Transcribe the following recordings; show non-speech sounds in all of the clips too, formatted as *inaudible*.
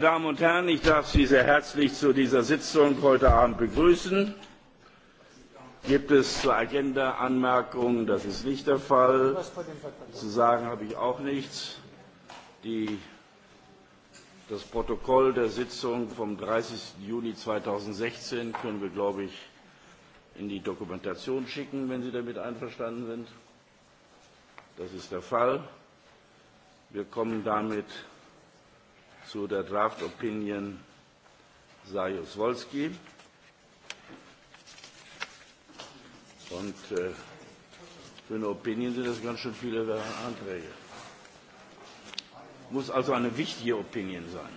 Meine Damen und Herren, ich darf Sie sehr herzlich zu dieser Sitzung heute Abend begrüßen. Gibt es zur Agenda Anmerkungen? Das ist nicht der Fall. Zu sagen habe ich auch nichts. Die, das Protokoll der Sitzung vom 30. Juni 2016 können wir, glaube ich, in die Dokumentation schicken, wenn Sie damit einverstanden sind. Das ist der Fall. Wir kommen damit zu der Draft Opinion Sajus Wolski. Und äh, für eine Opinion sind das ganz schön viele Anträge. Muss also eine wichtige Opinion sein.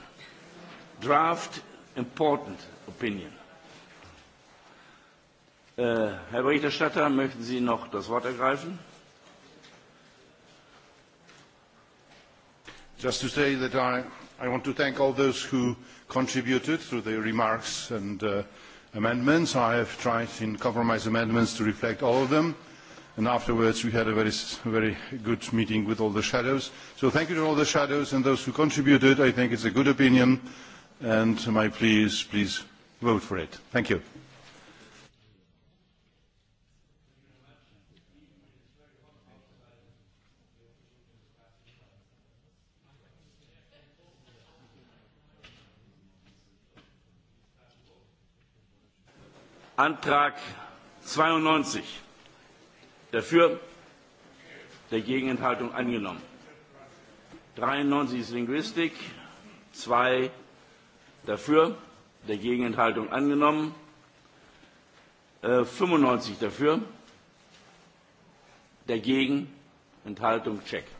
Draft Important Opinion. Äh, Herr Berichterstatter, möchten Sie noch das Wort ergreifen? Just to say that I I want to thank all those who contributed through their remarks and uh, amendments. I have tried in compromise amendments to reflect all of them. And afterwards, we had a very, very good meeting with all the shadows. So thank you to all the shadows and those who contributed. I think it's a good opinion. And my please, please vote for it. Thank you. Antrag 92 dafür, der Gegenenthaltung angenommen. 93 ist Linguistik, 2 dafür, der Gegenenthaltung angenommen, äh, 95 dafür, dagegen Enthaltung check. *laughs*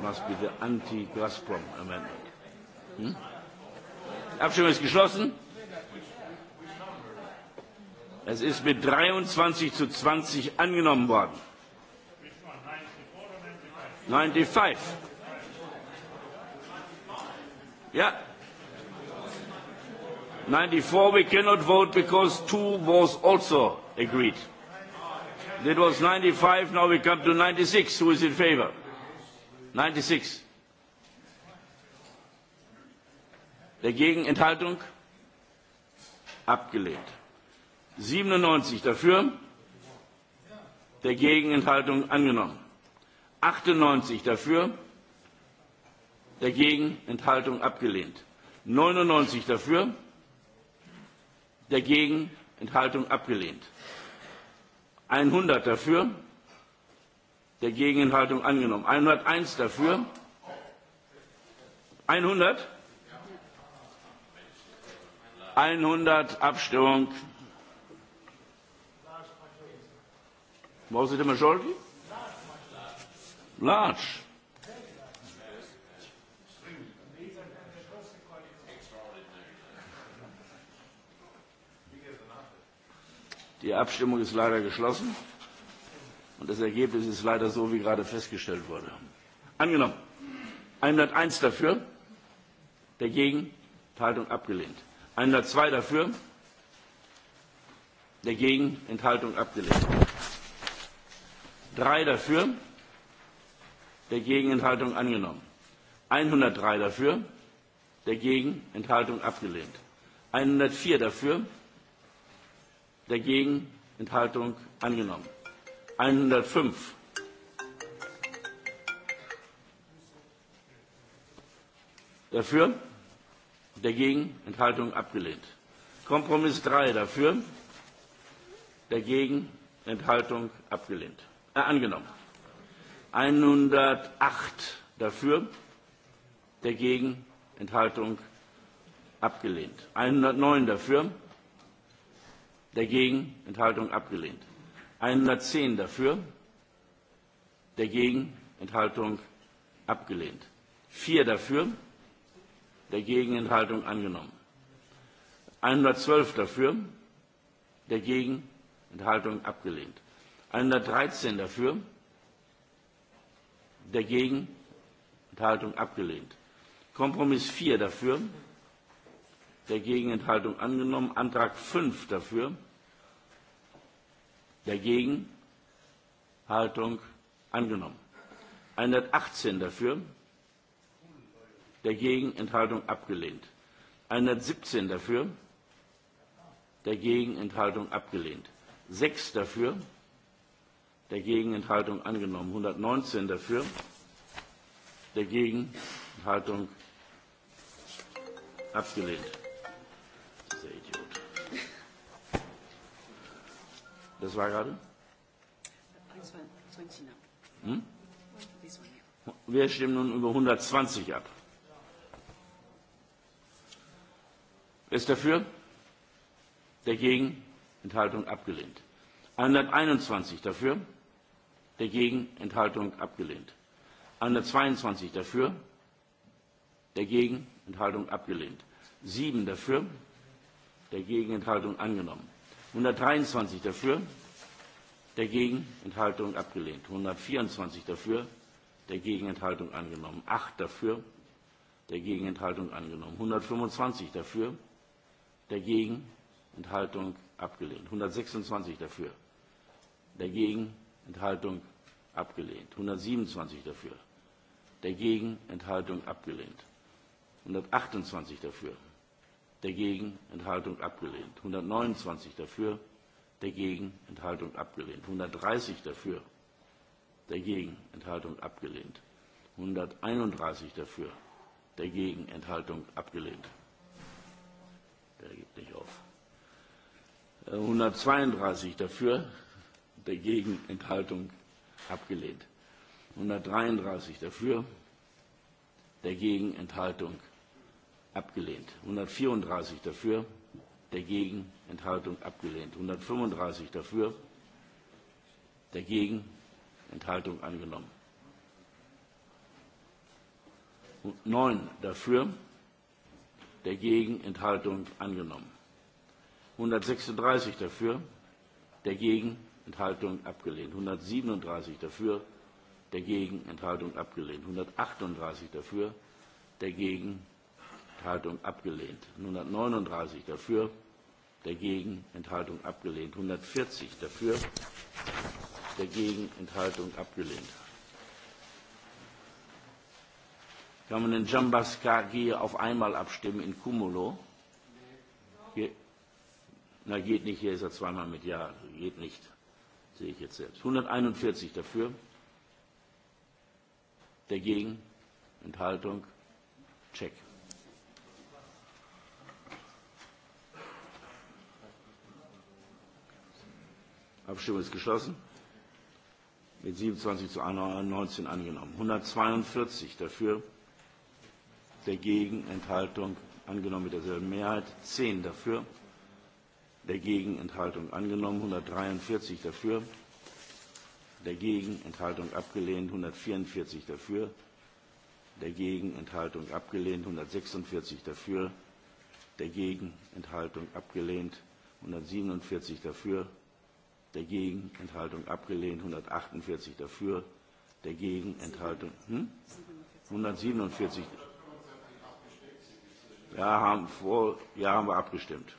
must be the anti-Gazprom amendment. Hm? Abstimmung ist geschlossen. Es ist mit 23 zu 20 angenommen worden. 95. Yeah. 94 we cannot vote because 2 was also agreed. That was 95, now we come to 96. Who is in favor? 96. Dagegen Enthaltung? Abgelehnt. 97 dafür? Dagegen Enthaltung angenommen. 98 dafür? Dagegen Enthaltung abgelehnt. 99 dafür? Dagegen Enthaltung abgelehnt. 100 dafür? der Gegenhaltung angenommen. 101 dafür. 100? 100 Abstimmung. Was ist die Majority? Large. Die Abstimmung ist leider geschlossen. Und das Ergebnis ist leider so, wie gerade festgestellt wurde. Angenommen. 101 dafür, dagegen, Enthaltung abgelehnt. 102 dafür, dagegen, Enthaltung abgelehnt. 3 dafür, dagegen, Enthaltung angenommen. 103 dafür, dagegen, Enthaltung abgelehnt. 104 dafür, dagegen, Enthaltung angenommen. 105. Dafür? Dagegen? Enthaltung abgelehnt. Kompromiss 3 dafür? Dagegen? Enthaltung abgelehnt. Äh, angenommen. 108 dafür? Dagegen? Enthaltung abgelehnt. 109 dafür? Dagegen? Enthaltung abgelehnt. 110 dafür, dagegen, Enthaltung abgelehnt. 4 dafür, dagegen, Enthaltung angenommen. 112 dafür, dagegen, Enthaltung abgelehnt. 113 dafür, dagegen, Enthaltung abgelehnt. Kompromiss 4 dafür, dagegen, Enthaltung angenommen. Antrag 5 dafür, dagegen, Haltung angenommen. 118 dafür, dagegen, Enthaltung abgelehnt. 117 dafür, dagegen, Enthaltung abgelehnt. 6 dafür, dagegen, Enthaltung angenommen. 119 dafür, dagegen, Enthaltung abgelehnt. Sehr Das war gerade? hm? Wir stimmen nun über 120 ab. Wer ist dafür? Er Dagegen? Enthaltung abgelehnt. 121 dafür? Dagegen? Enthaltung abgelehnt. 122 dafür? Dagegen? Enthaltung abgelehnt. 7 dafür? Dagegen? Enthaltung angenommen. 123 dafür, dagegen Enthaltung abgelehnt. 124 dafür, dagegen Enthaltung angenommen. 8 dafür, dagegen Enthaltung angenommen. 125 dafür, dagegen Enthaltung abgelehnt. 126 dafür, dagegen Enthaltung abgelehnt. 127 dafür, dagegen Enthaltung abgelehnt. 128 dafür, dagegen Enthaltung abgelehnt. 129 dafür, dagegen Enthaltung abgelehnt. 130 dafür, dagegen Enthaltung abgelehnt. 131 dafür, dagegen Enthaltung abgelehnt. Der gibt nicht auf. 132 äh, dafür, dagegen Enthaltung abgelehnt. 133 dafür, dagegen Enthaltung abgelehnt abgelehnt. 134 dafür, dagegen, Enthaltung abgelehnt. 135 dafür, dagegen, Enthaltung angenommen. 9 dafür, dagegen, Enthaltung angenommen. 136 dafür, dagegen, Enthaltung abgelehnt. 137 dafür, dagegen, Enthaltung abgelehnt. 138 dafür, dagegen, Enthaltung abgelehnt. 139 dafür, dagegen Enthaltung abgelehnt. 140 dafür, dagegen Enthaltung abgelehnt. Kann man den Jambas KG auf einmal abstimmen in Cumulo? Hier, na, geht nicht, hier ist er zweimal mit Ja, geht nicht, sehe ich jetzt selbst. 141 dafür, dagegen Enthaltung, Check. Abstimmung ist geschlossen. Mit 27 zu 19 angenommen. 142 dafür, dagegen, Enthaltung angenommen mit derselben Mehrheit. 10 dafür, dagegen, Enthaltung angenommen. 143 dafür, dagegen, Enthaltung abgelehnt. 144 dafür, dagegen, Enthaltung abgelehnt. 146 dafür, dagegen, Enthaltung abgelehnt. 147 dafür, dagegen, Enthaltung abgelehnt, 148 dafür, dagegen, Enthaltung, hm? 147. Ja haben, vor, ja, haben wir abgestimmt.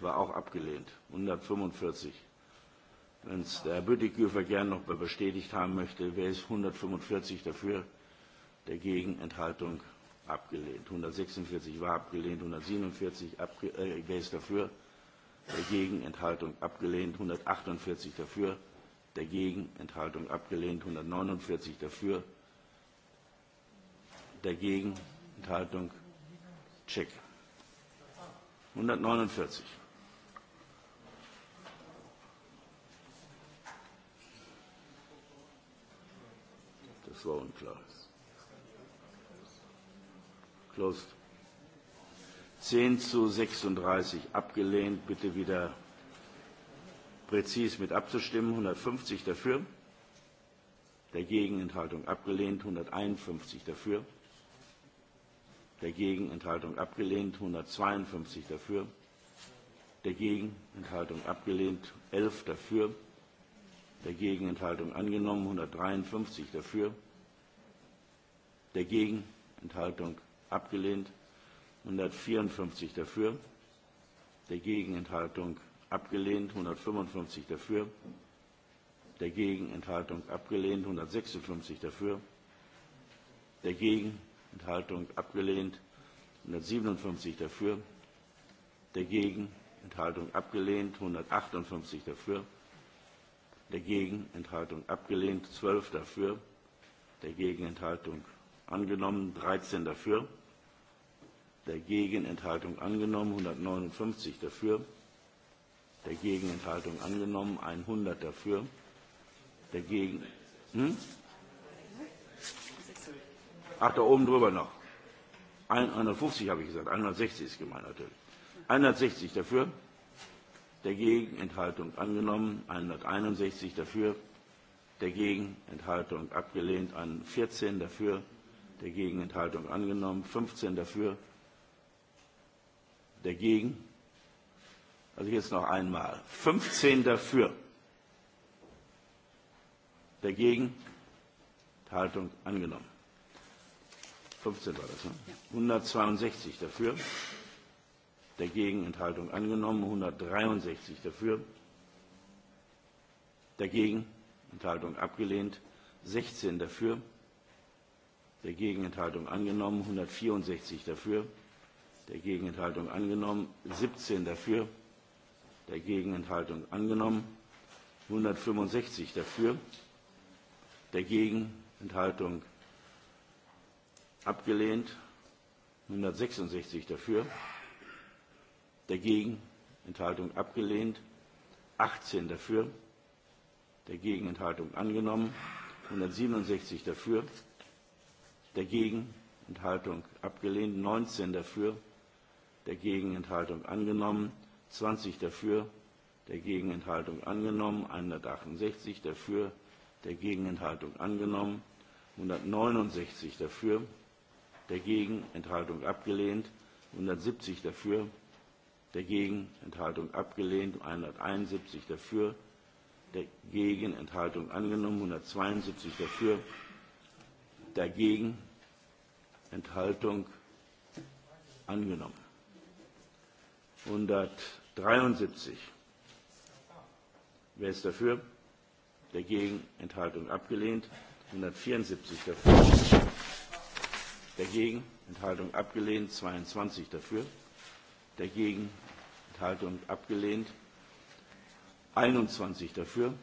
War auch abgelehnt. 145. Wenn es der Herr Büttiköfer gern noch bestätigt haben möchte, wäre es 145 dafür, dagegen, Enthaltung abgelehnt. 146 war abgelehnt, 147 abge äh, wäre es dafür, dagegen Enthaltung abgelehnt, 148 dafür, dagegen Enthaltung abgelehnt, 149 dafür, dagegen Enthaltung check. 149. Das war unklar. Closed. 10 zu 36 abgelehnt. Bitte wieder präzis mit abzustimmen. 150 dafür. Dagegen Enthaltung abgelehnt. 151 dafür. Dagegen Enthaltung abgelehnt. 152 dafür. Dagegen Enthaltung abgelehnt. 11 dafür. Dagegen Enthaltung angenommen. 153 dafür. Dagegen Enthaltung abgelehnt. 154 dafür, der Gegenenthaltung abgelehnt, 155 dafür, der Gegenenthaltung abgelehnt, 156 dafür, der Gegenenthaltung abgelehnt, 157 dafür, der Gegenenthaltung abgelehnt, 158 dafür, der Gegenenthaltung abgelehnt, 12 dafür, der Gegenenthaltung angenommen, 13 dafür dagegen Enthaltung angenommen, 159 dafür, dagegen Enthaltung angenommen, 100 dafür, dagegen, hm? Ach, da oben drüber noch. 150 habe ich gesagt, 160 ist gemeint natürlich. 160 dafür, dagegen Enthaltung angenommen, 161 dafür, dagegen Enthaltung abgelehnt, 14 dafür, dagegen Enthaltung angenommen, 15 dafür, dagegen. Also jetzt noch einmal. 15 dafür, dagegen, Haltung angenommen. 15 war das, ne? 162 dafür, dagegen, Enthaltung angenommen. 163 dafür, dagegen, Enthaltung abgelehnt. 16 dafür, dagegen, Enthaltung angenommen. 164 dafür der Gegenenthaltung angenommen, 17 dafür, der Gegenenthaltung angenommen, 165 dafür, der Gegenenthaltung abgelehnt, 166 dafür, der Gegenenthaltung abgelehnt, 18 dafür, der Gegenenthaltung angenommen, 167 dafür, der Gegenenthaltung abgelehnt, 19 dafür, dagegen Enthaltung angenommen, 20 dafür, dagegen Enthaltung angenommen, 168 dafür, dagegen Enthaltung angenommen, 169 dafür, dagegen Enthaltung abgelehnt, 170 dafür, dagegen Enthaltung abgelehnt, 171 dafür, dagegen Enthaltung angenommen, 172 dafür, dagegen Enthaltung angenommen. 173. Wer ist dafür? Dagegen. Enthaltung abgelehnt. 174 dafür. Dagegen. Enthaltung abgelehnt. 22 dafür. Dagegen. Enthaltung abgelehnt. 21 dafür.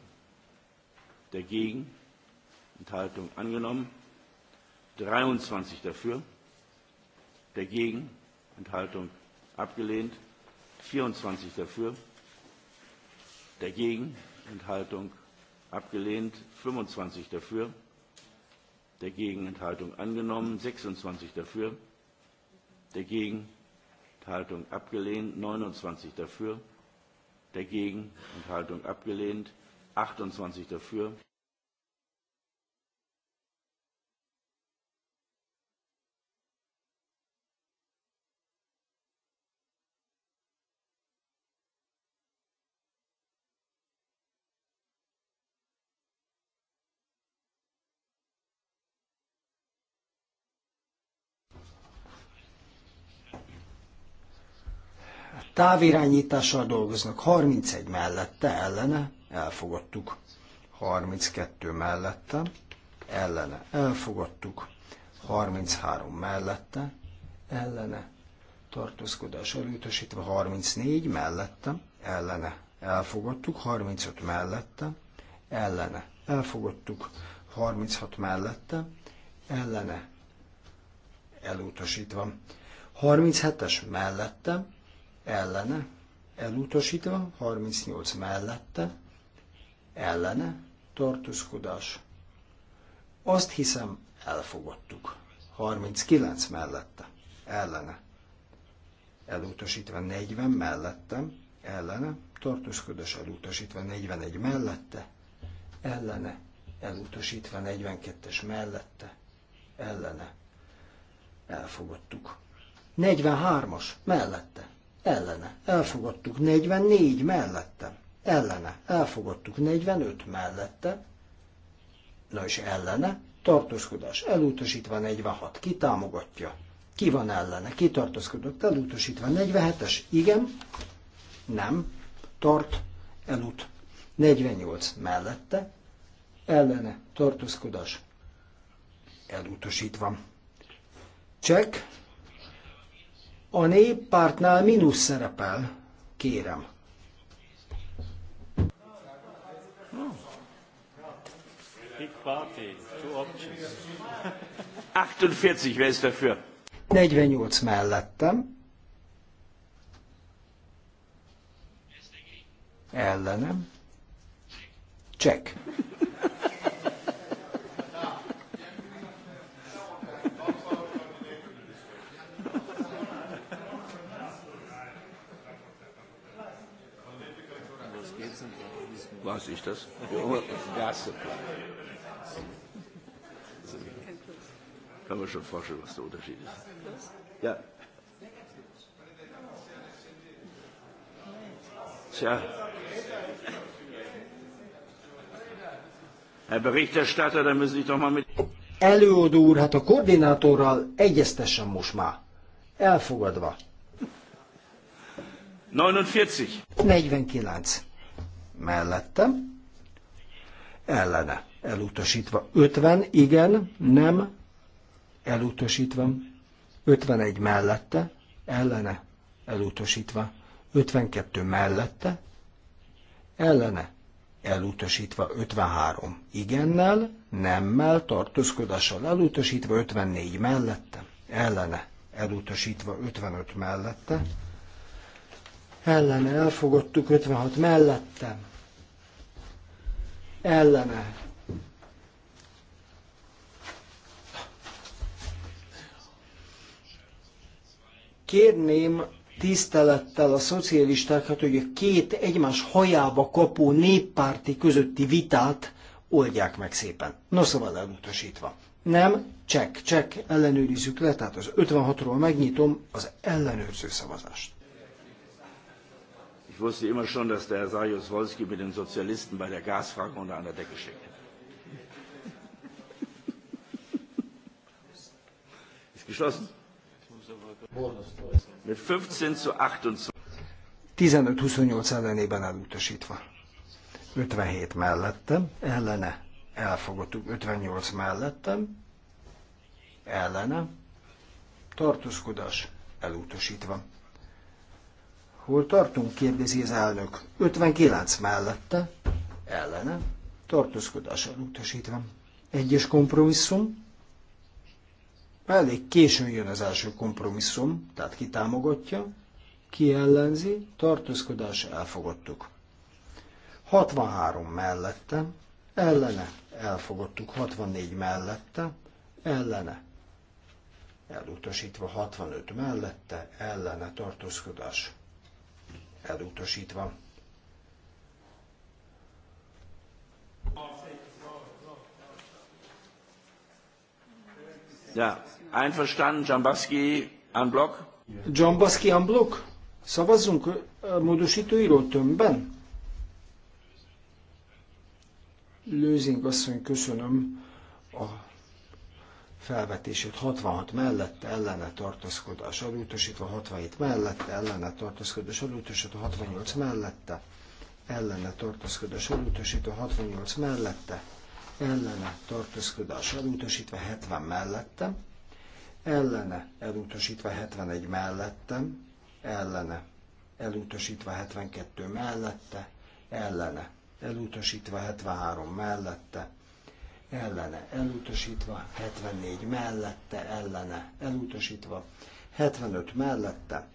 Dagegen. Enthaltung angenommen. 23 dafür. Dagegen. Enthaltung abgelehnt. 24 dafür, dagegen, Enthaltung abgelehnt, 25 dafür, dagegen, Enthaltung angenommen, 26 dafür, dagegen, Enthaltung abgelehnt, 29 dafür, dagegen, Enthaltung abgelehnt, 28 dafür, távirányítással dolgoznak. 31 mellette, ellene, elfogadtuk. 32 mellette, ellene, elfogadtuk. 33 mellette, ellene, tartózkodás elutasítva. 34 mellette, ellene, elfogadtuk. 35 mellette, ellene, elfogadtuk. 36 mellette, ellene, elutasítva. 37-es mellette, ellene, elutasítva, 38 mellette, ellene, tartózkodás. Azt hiszem, elfogadtuk. 39 mellette, ellene, elutasítva 40 mellettem, ellene, tartózkodás elutasítva 41 mellette, ellene, elutasítva 42-es mellette, ellene, elfogadtuk. 43-as mellette, ellene, elfogadtuk 44 mellette, ellene, elfogadtuk 45 mellette, na és ellene, tartózkodás elutasítva 46, ki támogatja, ki van ellene, ki tartózkodott elutasítva 47-es, igen, nem, tart, elut, 48 mellette, ellene, tartózkodás elutasítva. Check a néppártnál mínusz szerepel, kérem. Big party, two options. 48, *laughs* wer ist dafür? 48 mellettem. Ellenem. Check. was ist das? Gas Kann man schon vorstellen, was der Unterschied ist. Ja. Tja. Herr Berichterstatter, dann müssen Sie doch mal mit... Előadó úr, hát a koordinátorral egyeztessen most már. Elfogadva. 49. 49 mellettem, ellene, elutasítva. 50, igen, nem, elutasítva. 51 mellette, ellene, elutasítva. 52 mellette, ellene, elutasítva 53 igennel, nemmel, tartózkodással elutasítva 54 mellette, ellene elutasítva 55 mellette, ellene elfogadtuk, 56 mellettem, ellene. Kérném tisztelettel a szocialistákat, hát, hogy a két egymás hajába kapó néppárti közötti vitát oldják meg szépen. No szóval elutasítva. Nem, csek, csek, ellenőrizzük le, tehát az 56-ról megnyitom az ellenőrző szavazást. Ich wusste immer schon, dass der Herr Sajus Wolski mit den Sozialisten bei der Gasfrage unter einer Decke steckt. Ist geschlossen. Mit 15 zu 28. 15-28 ellenében elutasítva. 57 mellettem, ellene elfogadtuk, 58 mellettem, ellene tartózkodás elutasítva. Hol tartunk? kérdezi az elnök. 59 mellette, ellene, tartózkodással utasítva. Egyes kompromisszum. Elég későn jön az első kompromisszum, tehát ki támogatja, ki ellenzi, tartózkodás elfogadtuk. 63 mellette, ellene, elfogadtuk 64 mellette, ellene, elutasítva 65 mellette, ellene tartózkodás elutasítva. Ja, einverstanden, Jambaski, unblock. Jambaski, unblock? Szavazzunk a módosítóiról tömbben? Lőzink asszony, köszönöm a felvetését 66 mellett ellene tartózkodás elutasítva, 67 mellett ellene tartózkodás elutasítva, 68 mellette ellene tartózkodás elutasítva, 68 mellette ellene tartózkodás elutasítva, 70 mellettem, ellene elutasítva 71 mellettem, ellene elutasítva 72 mellette, ellene elutasítva 73 mellette, ellene elutasítva, 74 mellette ellene elutasítva, 75 mellette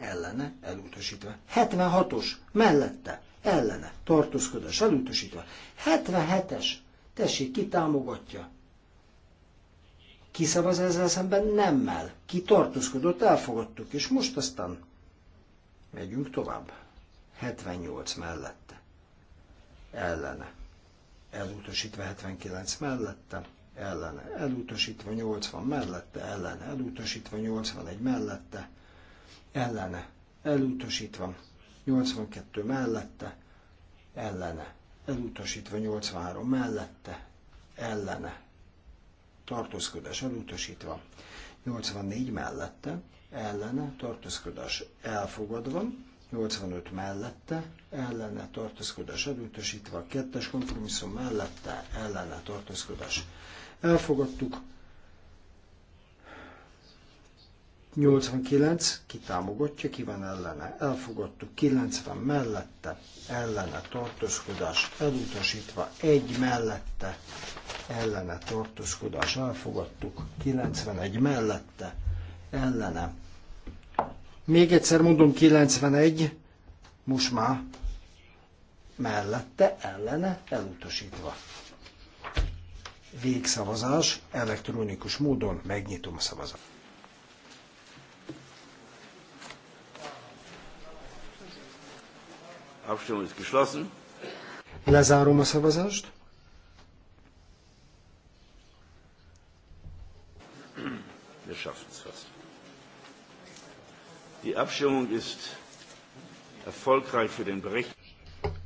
ellene elutasítva, 76-os mellette ellene tartózkodás elutasítva, 77-es tessék ki támogatja, szavaz ezzel szemben nemmel, ki tartózkodott, elfogadtuk, és most aztán megyünk tovább, 78 mellette ellene elutasítva 79 mellette, ellene elutasítva 80 mellette, ellene elutasítva 81 mellette, ellene elutasítva 82 mellette, ellene elutasítva 83 mellette, ellene tartózkodás elutasítva 84 mellette, ellene tartózkodás elfogadva, 85 mellette, ellene tartózkodás elutasítva, a kettes kompromisszum mellette, ellene tartózkodás. Elfogadtuk. 89, ki támogatja, ki van ellene. Elfogadtuk 90 mellette, ellene tartózkodás elutasítva, egy mellette, ellene tartózkodás elfogadtuk, 91 mellette, ellene még egyszer mondom, 91, most már mellette, ellene, elutasítva. Végszavazás, elektronikus módon megnyitom a szavazást. Lezárom a szavazást. Wir schaffen Die Abstimmung ist erfolgreich für den Bericht.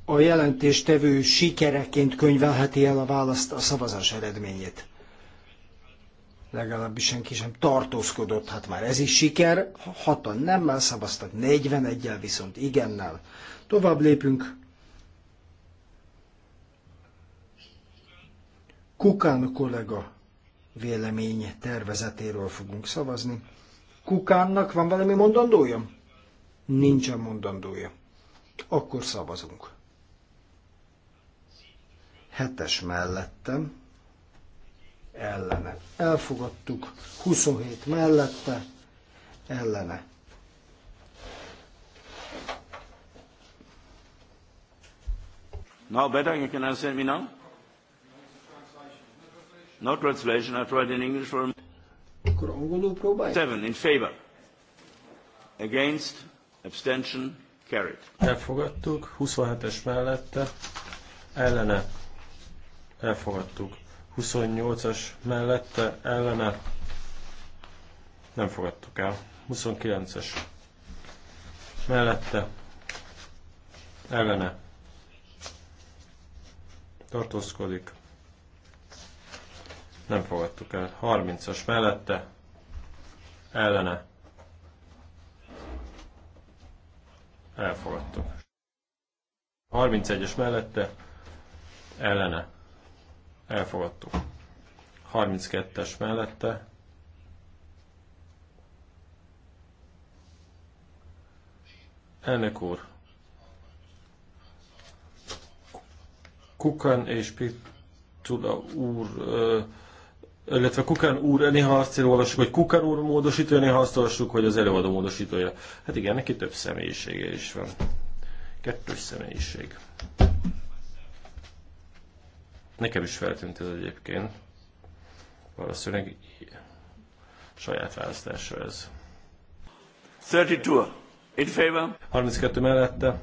A jelentéstevő sikereként könyvelheti el a választ a szavazás eredményét. Legalábbis senki sem tartózkodott, hát már ez is siker. Hatan nemmel szavaztak, 41-el viszont igennel. Tovább lépünk. Kukán kollega vélemény tervezetéről fogunk szavazni. Kukánnak van valami mondandója? Nincsen mondandója. Akkor szavazunk. Hetes mellettem. Ellene. Elfogadtuk. 27 mellette. Ellene. Now better you can answer me now? No translation. I tried in English for a akkor angolul Seven in favor. Against. Abstention. Carried. Elfogadtuk. 27-es mellette. Ellene. Elfogadtuk. 28-as mellette. Ellene. Nem fogadtuk el. 29-es. Mellette. Ellene. Tartózkodik nem fogadtuk el. 30-as mellette, ellene, elfogadtuk. 31-es mellette, ellene, elfogadtuk. 32-es mellette, elnök úr, Kukan és Pitula úr ö, illetve Kukán úr, néha azt olvassuk, hogy Kukán úr módosítója, néha azt olvassuk, hogy az előadó módosítója. Hát igen, neki több személyisége is van. Kettős személyiség. Nekem is feltűnt ez egyébként. Valószínűleg saját választása ez. 32. In favor. 32 mellette.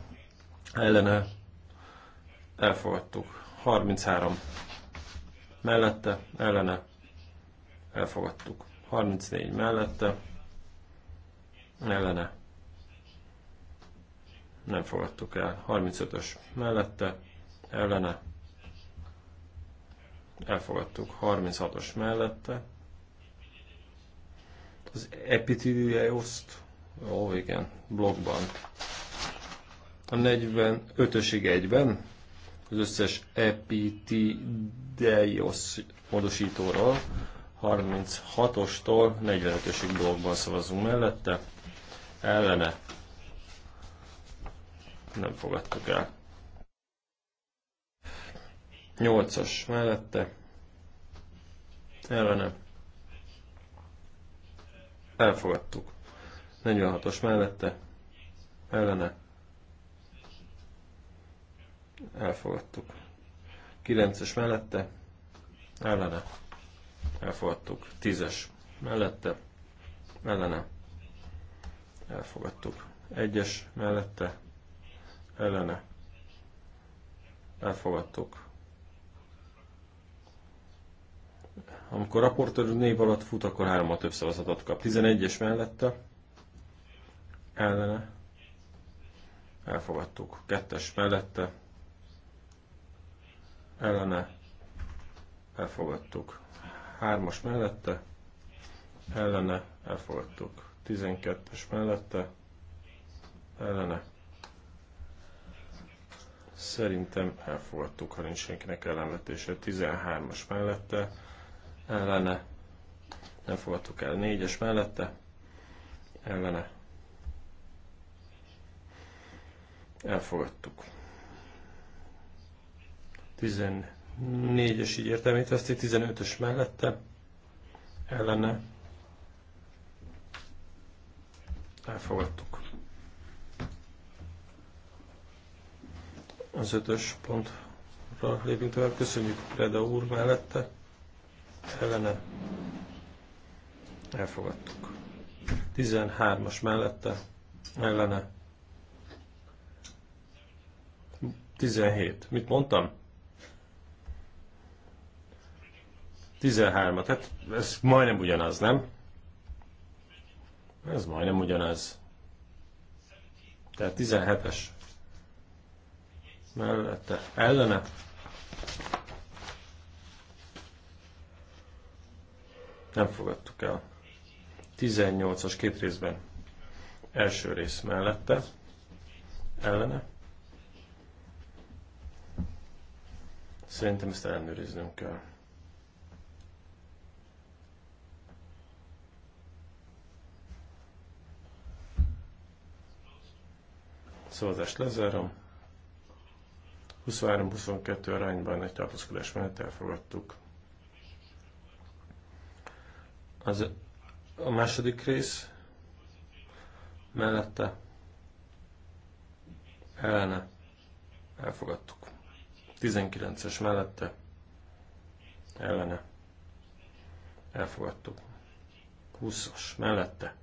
Ellene. Elfogadtuk. 33. Mellette. Ellene elfogadtuk. 34 mellette, ellene, nem fogadtuk el. 35-ös mellette, ellene, elfogadtuk. 36-os mellette, az oszt, ó igen, blogban, a 45-ösig egyben, az összes epitideios módosítóról, 36-ostól 45-ösig blogban szavazunk mellette, ellene nem fogadtuk el. 8-as mellette, ellene elfogadtuk. 46-os mellette, ellene elfogadtuk. 9-es mellette, ellene elfogadtuk. Tízes mellette, ellene, elfogadtuk. Egyes mellette, ellene, elfogadtuk. Amikor raportőr név alatt fut, akkor hárommal több szavazatot kap. 11-es mellette, ellene, elfogadtuk. Kettes mellette, ellene, elfogadtuk. 3-as mellette, ellene elfogadtuk. 12-es mellette, ellene. Szerintem elfogadtuk, ha nincs senkinek ellenvetése. 13-as mellette, ellene. Nem fogadtuk el. 4-es mellette, ellene. Elfogadtuk. 14 4-es így értelmét veszti, 15-ös mellette, ellene elfogadtuk. Az 5-ös pontra lépünk tovább. Köszönjük Preda úr mellette. Ellene elfogadtuk. 13-as mellette ellene 17. Mit mondtam? 13-at, hát ez majdnem ugyanaz, nem? Ez majdnem ugyanaz. Tehát 17-es mellette, ellene. Nem fogadtuk el. 18-as két részben. Első rész mellette, ellene. Szerintem ezt ellenőriznünk kell. Szavazást lezárom. 23-22 arányban egy tartózkodás mellett elfogadtuk. Az a második rész mellette ellene elfogadtuk. 19-es mellette ellene elfogadtuk. 20-as mellette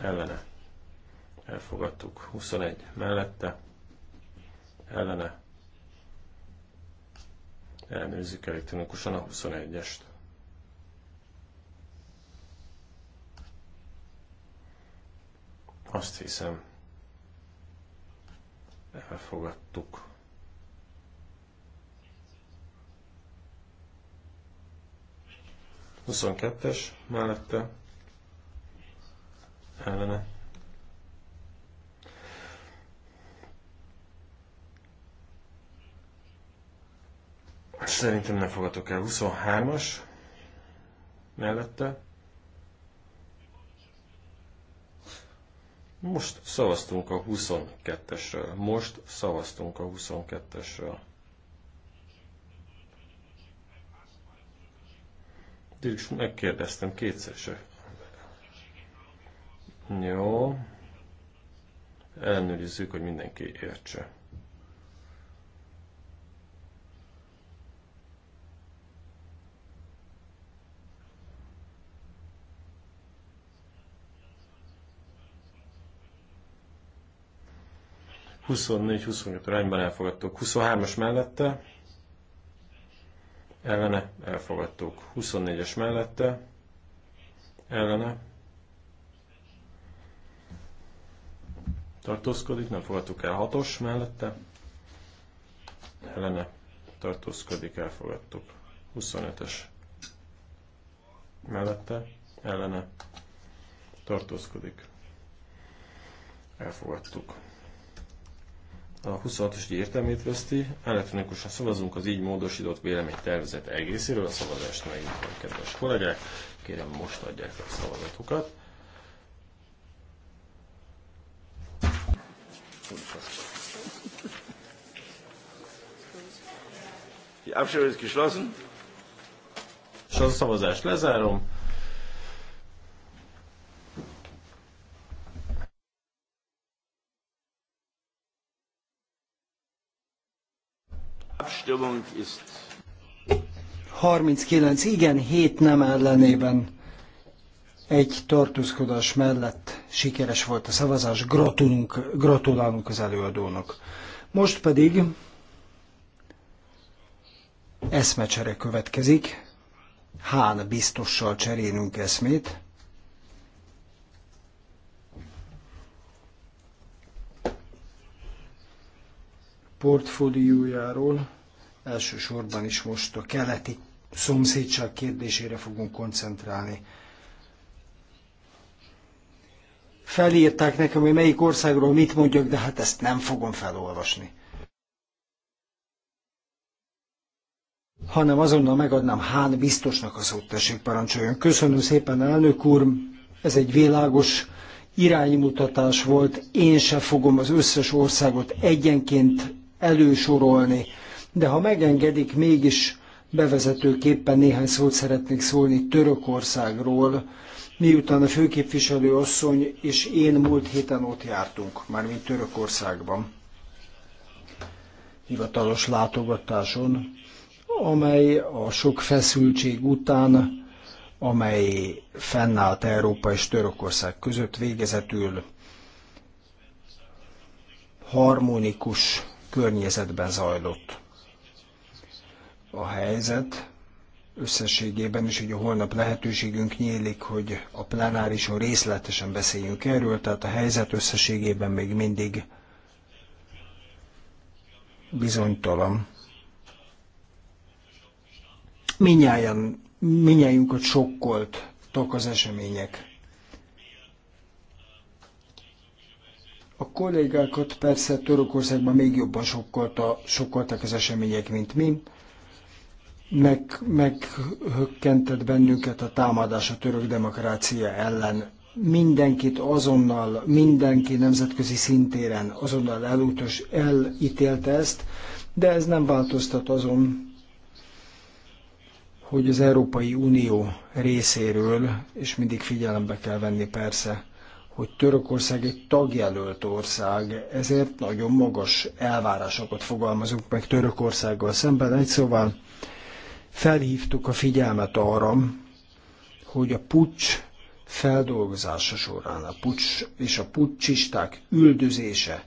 ellene elfogadtuk 21 mellette, ellene, elnőzzük elektronikusan a 21-est. Azt hiszem, elfogadtuk. Huszonkettes mellette, ellene, Szerintem nem fogadok el. 23-as mellette. Most szavaztunk a 22-esről. Most szavaztunk a 22-esről. Dirk, megkérdeztem kétszer se. Jó. Ellenőrizzük, hogy mindenki értse. 24-25 arányban elfogadtuk. 23-as mellette ellene elfogadtuk. 24-es mellette ellene tartózkodik, nem fogadtuk el 6-os mellette ellene tartózkodik, elfogadtuk. 25-es mellette ellene tartózkodik. Elfogadtuk a 26-os értelmét veszti. Elektronikusan szavazunk az így módosított véleménytervezet egészéről. A szavazást megnyitom, kedves kollégák. Kérem, most adják a szavazatukat. Die Abstimmung ist geschlossen. És a szavazást lezárom. Abstimmung ist. 39 igen, 7 nem ellenében egy tartózkodás mellett sikeres volt a szavazás. Gratulunk, gratulálunk az előadónak. Most pedig eszmecsere következik. Hán biztossal cserélünk eszmét. portfóliójáról Elsősorban is most a keleti szomszédság kérdésére fogunk koncentrálni. Felírták nekem, hogy melyik országról mit mondjak, de hát ezt nem fogom felolvasni. hanem azonnal megadnám Hán biztosnak a szót, tessék parancsoljon. Köszönöm szépen, elnök úr, ez egy világos iránymutatás volt. Én se fogom az összes országot egyenként elősorolni, de ha megengedik, mégis bevezetőképpen néhány szót szeretnék szólni Törökországról, miután a főképviselő asszony és én múlt héten ott jártunk, mármint Törökországban, hivatalos látogatáson, amely a sok feszültség után, amely fennállt Európa és Törökország között végezetül harmonikus környezetben zajlott a helyzet összességében, és ugye holnap lehetőségünk nyílik, hogy a plenárison részletesen beszéljünk erről, tehát a helyzet összességében még mindig bizonytalan. Minnyáján, minnyájunkat sokkolt az események. A kollégákat persze Törökországban még jobban sokkolta, sokkoltak az események, mint mi meg, meghökkentett bennünket a támadás a török demokrácia ellen. Mindenkit azonnal, mindenki nemzetközi szintéren azonnal elutas, elítélte ezt, de ez nem változtat azon, hogy az Európai Unió részéről, és mindig figyelembe kell venni persze, hogy Törökország egy tagjelölt ország, ezért nagyon magas elvárásokat fogalmazunk meg Törökországgal szemben. Egy szóval felhívtuk a figyelmet arra, hogy a pucs feldolgozása során a pucs és a pucsisták üldözése,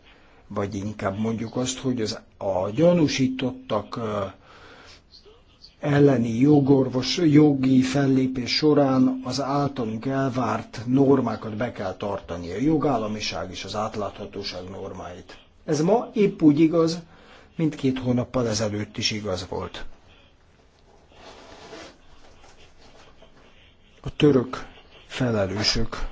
vagy inkább mondjuk azt, hogy az, a gyanúsítottak elleni jogorvos, jogi fellépés során az általunk elvárt normákat be kell tartani, a jogállamiság és az átláthatóság normáit. Ez ma épp úgy igaz, mint két hónappal ezelőtt is igaz volt. a török felelősök,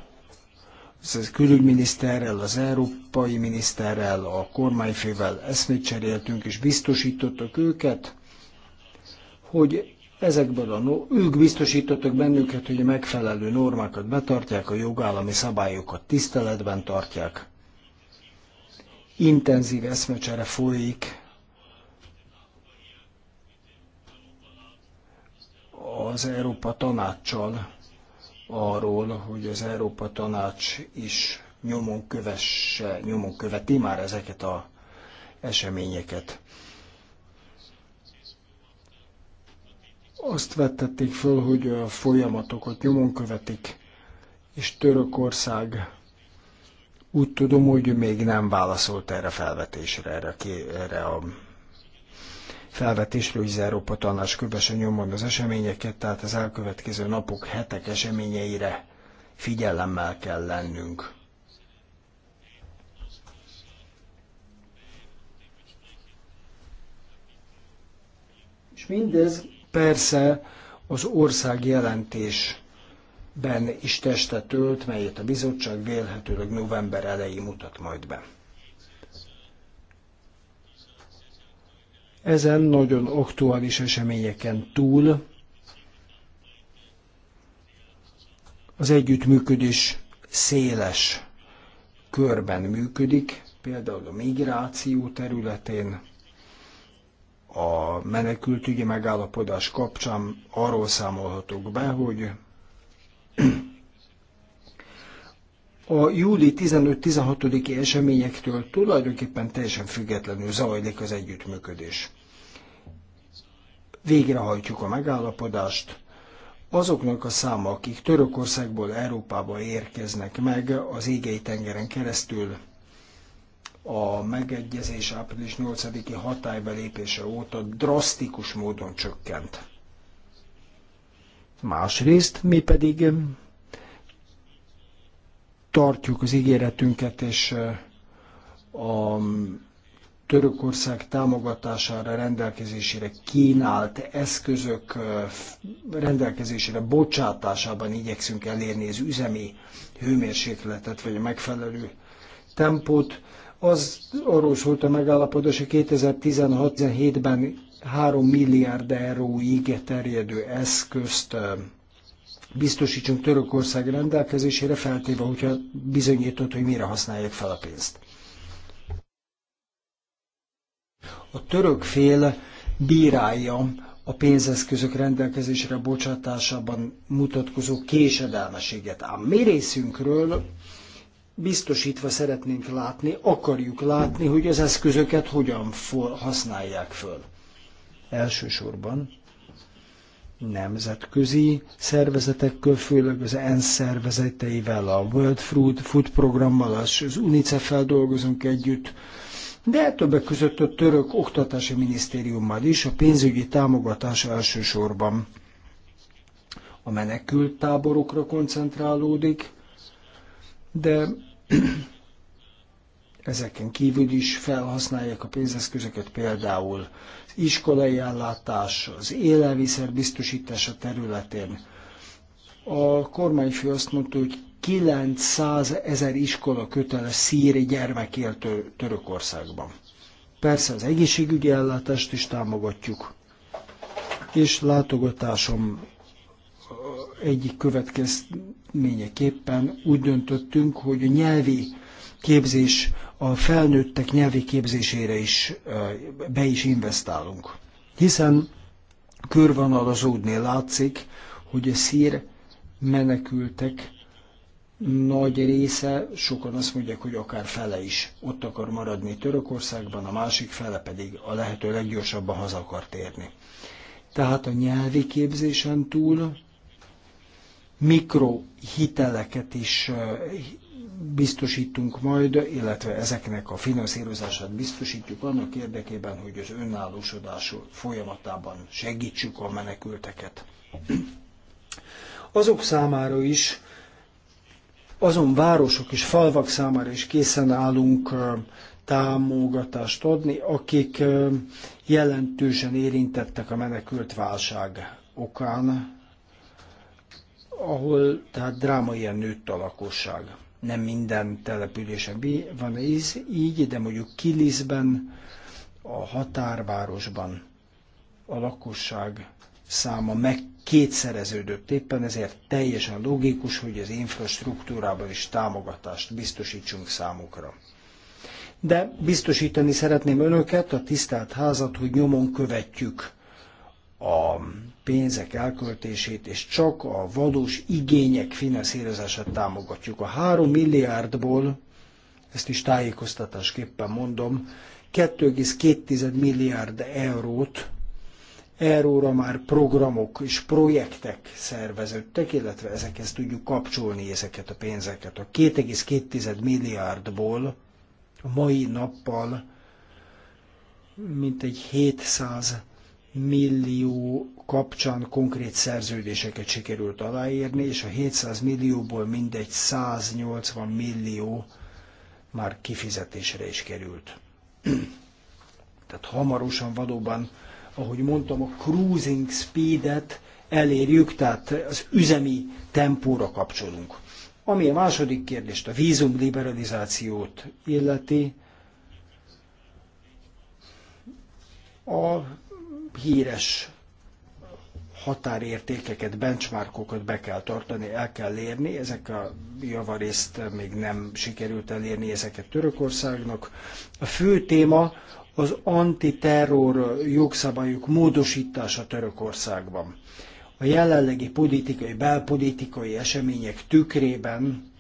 az külügyminiszterrel, az európai miniszterrel, a kormányfővel eszmét cseréltünk, és biztosítottak őket, hogy ezekből a, ők biztosítottak bennünket, hogy a megfelelő normákat betartják, a jogállami szabályokat tiszteletben tartják. Intenzív eszmecsere folyik az Európa tanácssal, arról, hogy az Európa Tanács is nyomon kövesse, nyomon követi már ezeket a eseményeket. Azt vettették föl, hogy a folyamatokat nyomon követik, és Törökország úgy tudom, hogy még nem válaszolt erre a felvetésre, erre a, erre a felvetésről, hogy az Európa Tanács kövesse nyomon az eseményeket, tehát az elkövetkező napok, hetek eseményeire figyelemmel kell lennünk. És mindez persze az ország jelentésben is testet ölt, melyet a bizottság vélhetőleg november elején mutat majd be. Ezen nagyon aktuális eseményeken túl az együttműködés széles körben működik, például a migráció területén, a menekültügyi megállapodás kapcsán arról számolhatok be, hogy a júli 15-16-i eseményektől tulajdonképpen teljesen függetlenül zajlik az együttműködés. Végrehajtjuk a megállapodást, azoknak a száma, akik Törökországból Európába érkeznek meg az égei tengeren keresztül a megegyezés április 8-i hatálybelépése óta drasztikus módon csökkent. Másrészt mi pedig tartjuk az ígéretünket, és a Törökország támogatására rendelkezésére kínált eszközök rendelkezésére bocsátásában igyekszünk elérni az üzemi hőmérsékletet, vagy a megfelelő tempót. Az arról szólt a megállapodás, hogy 2016-17-ben 3 milliárd euróig terjedő eszközt biztosítsunk Törökország rendelkezésére, feltéve, hogyha bizonyított, hogy mire használják fel a pénzt. A török fél bírálja a pénzeszközök rendelkezésre bocsátásában mutatkozó késedelmeséget. Ám mi részünkről biztosítva szeretnénk látni, akarjuk látni, hogy az eszközöket hogyan használják föl. Elsősorban nemzetközi szervezetekkel, főleg az ENSZ szervezeteivel, a World Food, Food programmal, és az UNICEF-fel dolgozunk együtt, de többek között a török oktatási minisztériummal is a pénzügyi támogatás elsősorban a menekült táborokra koncentrálódik, de ezeken kívül is felhasználják a pénzeszközöket, például az iskolai ellátás, az élelmiszer biztosítása területén. A kormányfő azt mondta, hogy 900 ezer iskola köteles szíri gyermekért Törökországban. Persze az egészségügyi ellátást is támogatjuk, és látogatásom egyik következményeképpen úgy döntöttünk, hogy a nyelvi képzés, a felnőttek nyelvi képzésére is be is investálunk. Hiszen útnél látszik, hogy a szír menekültek nagy része, sokan azt mondják, hogy akár fele is ott akar maradni Törökországban, a másik fele pedig a lehető leggyorsabban haza akar térni. Tehát a nyelvi képzésen túl mikrohiteleket is biztosítunk majd, illetve ezeknek a finanszírozását biztosítjuk annak érdekében, hogy az önállósodás folyamatában segítsük a menekülteket. Azok számára is, azon városok és falvak számára is készen állunk támogatást adni, akik jelentősen érintettek a menekült válság okán, ahol tehát drámaian nőtt a lakosság nem minden településen van ez így, de mondjuk Kilisben, a határvárosban a lakosság száma meg kétszereződött éppen, ezért teljesen logikus, hogy az infrastruktúrában is támogatást biztosítsunk számukra. De biztosítani szeretném önöket, a tisztelt házat, hogy nyomon követjük a pénzek elköltését, és csak a valós igények finanszírozását támogatjuk. A három milliárdból, ezt is tájékoztatásképpen mondom, 2,2 milliárd eurót euróra már programok és projektek szerveződtek, illetve ezekhez tudjuk kapcsolni ezeket a pénzeket. A 2,2 milliárdból a mai nappal mintegy 700 millió kapcsán konkrét szerződéseket sikerült aláírni, és a 700 millióból mindegy 180 millió már kifizetésre is került. *clears throat* Tehát hamarosan valóban, ahogy mondtam, a cruising speedet elérjük, tehát az üzemi tempóra kapcsolunk. Ami a második kérdést, a vízum liberalizációt illeti, a híres határértékeket, benchmarkokat be kell tartani, el kell érni. Ezek a javarészt még nem sikerült elérni ezeket Törökországnak. A fő téma az antiterror jogszabályok módosítása Törökországban. A jelenlegi politikai, belpolitikai események tükrében,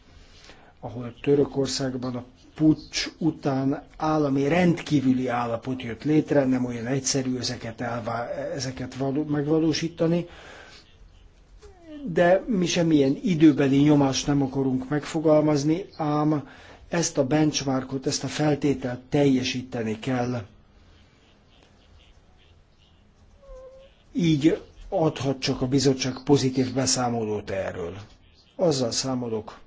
ahol Törökországban a pucs után állami rendkívüli állapot jött létre, nem olyan egyszerű ezeket, elvá, ezeket való, megvalósítani, de mi semmilyen időbeli nyomást nem akarunk megfogalmazni, ám ezt a benchmarkot, ezt a feltételt teljesíteni kell. Így adhat csak a bizottság pozitív beszámolót erről. Azzal számolok,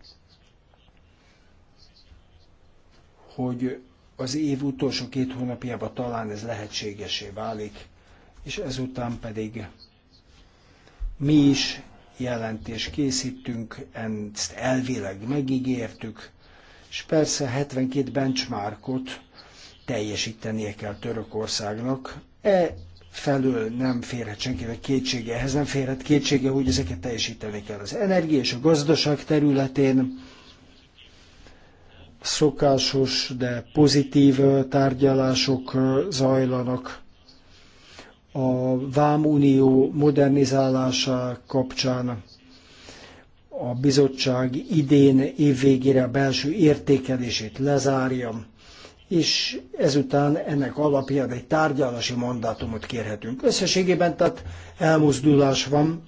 hogy az év utolsó két hónapjában talán ez lehetségesé válik, és ezután pedig mi is jelentést készítünk, ezt elvileg megígértük, és persze 72 benchmarkot teljesítenie kell Törökországnak. E felől nem férhet senkinek kétsége, ehhez nem férhet kétsége, hogy ezeket teljesíteni kell. Az energia és a gazdaság területén szokásos, de pozitív tárgyalások zajlanak a Vámunió modernizálása kapcsán a bizottság idén évvégére a belső értékelését lezárja, és ezután ennek alapján egy tárgyalási mandátumot kérhetünk. Összességében tehát elmozdulás van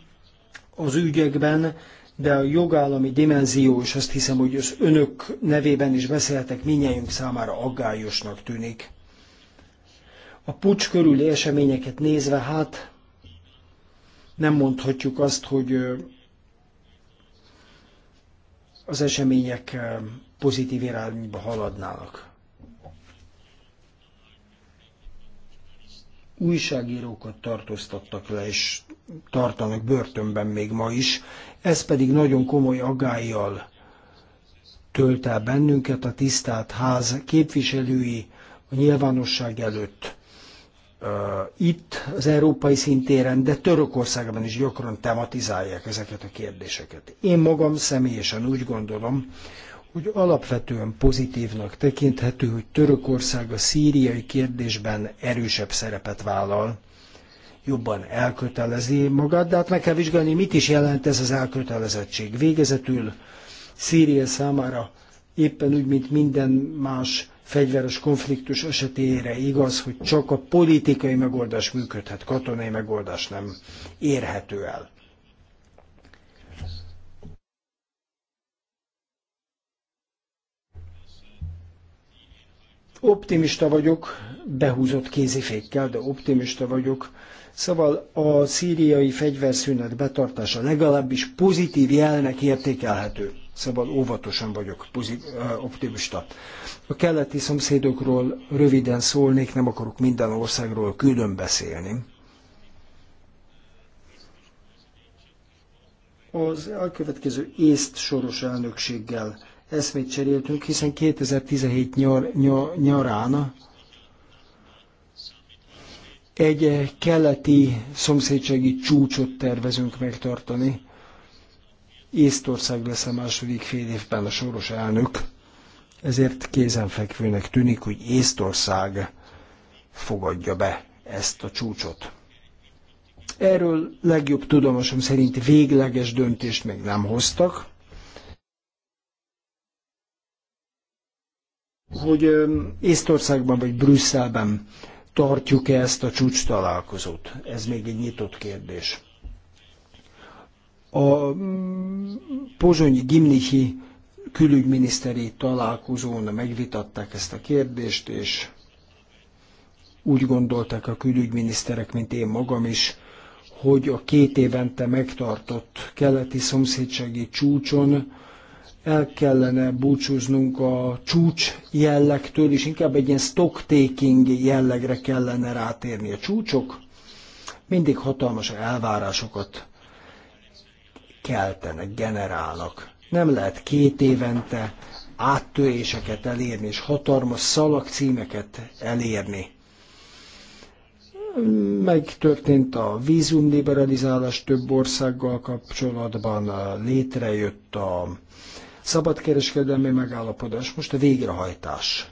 az ügyekben, de a jogállami dimenzió, és azt hiszem, hogy az önök nevében is beszélhetek, minnyájunk számára aggályosnak tűnik. A pucs körüli eseményeket nézve, hát nem mondhatjuk azt, hogy az események pozitív irányba haladnának. Újságírókat tartóztattak le, és tartanak börtönben még ma is. Ez pedig nagyon komoly agályjal tölt el bennünket a tisztát ház képviselői a nyilvánosság előtt. Itt az európai szintéren, de Törökországban is gyakran tematizálják ezeket a kérdéseket. Én magam személyesen úgy gondolom, hogy alapvetően pozitívnak tekinthető, hogy Törökország a szíriai kérdésben erősebb szerepet vállal, jobban elkötelezi magát, de hát meg kell vizsgálni, mit is jelent ez az elkötelezettség. Végezetül Szíria számára éppen úgy, mint minden más fegyveres konfliktus esetére igaz, hogy csak a politikai megoldás működhet, katonai megoldás nem érhető el. Optimista vagyok, behúzott kézifékkel, de optimista vagyok. Szóval a szíriai fegyverszünet betartása legalábbis pozitív jelnek értékelhető. Szóval óvatosan vagyok pozit, optimista. A keleti szomszédokról röviden szólnék, nem akarok minden országról külön beszélni. Az elkövetkező észt soros elnökséggel eszmét cseréltünk, hiszen 2017 nyar, nyar, nyarán egy keleti szomszédsági csúcsot tervezünk megtartani. Észtország lesz a második fél évben a soros elnök, ezért kézenfekvőnek tűnik, hogy Észtország fogadja be ezt a csúcsot. Erről legjobb tudomásom szerint végleges döntést még nem hoztak, hogy Észtországban vagy Brüsszelben tartjuk-e ezt a csúcs találkozót. Ez még egy nyitott kérdés. A mm, pozsonyi Gimnichi külügyminiszteri találkozón megvitatták ezt a kérdést, és úgy gondolták a külügyminiszterek, mint én magam is, hogy a két évente megtartott keleti szomszédsági csúcson el kellene búcsúznunk a csúcs jellegtől, és inkább egy ilyen stocktaking jellegre kellene rátérni. A csúcsok mindig hatalmas elvárásokat keltenek, generálnak. Nem lehet két évente áttöréseket elérni, és hatalmas szalagcímeket elérni. Megtörtént a vízumliberalizálás több országgal kapcsolatban, létrejött a Szabadkereskedelmi megállapodás, most a végrehajtás.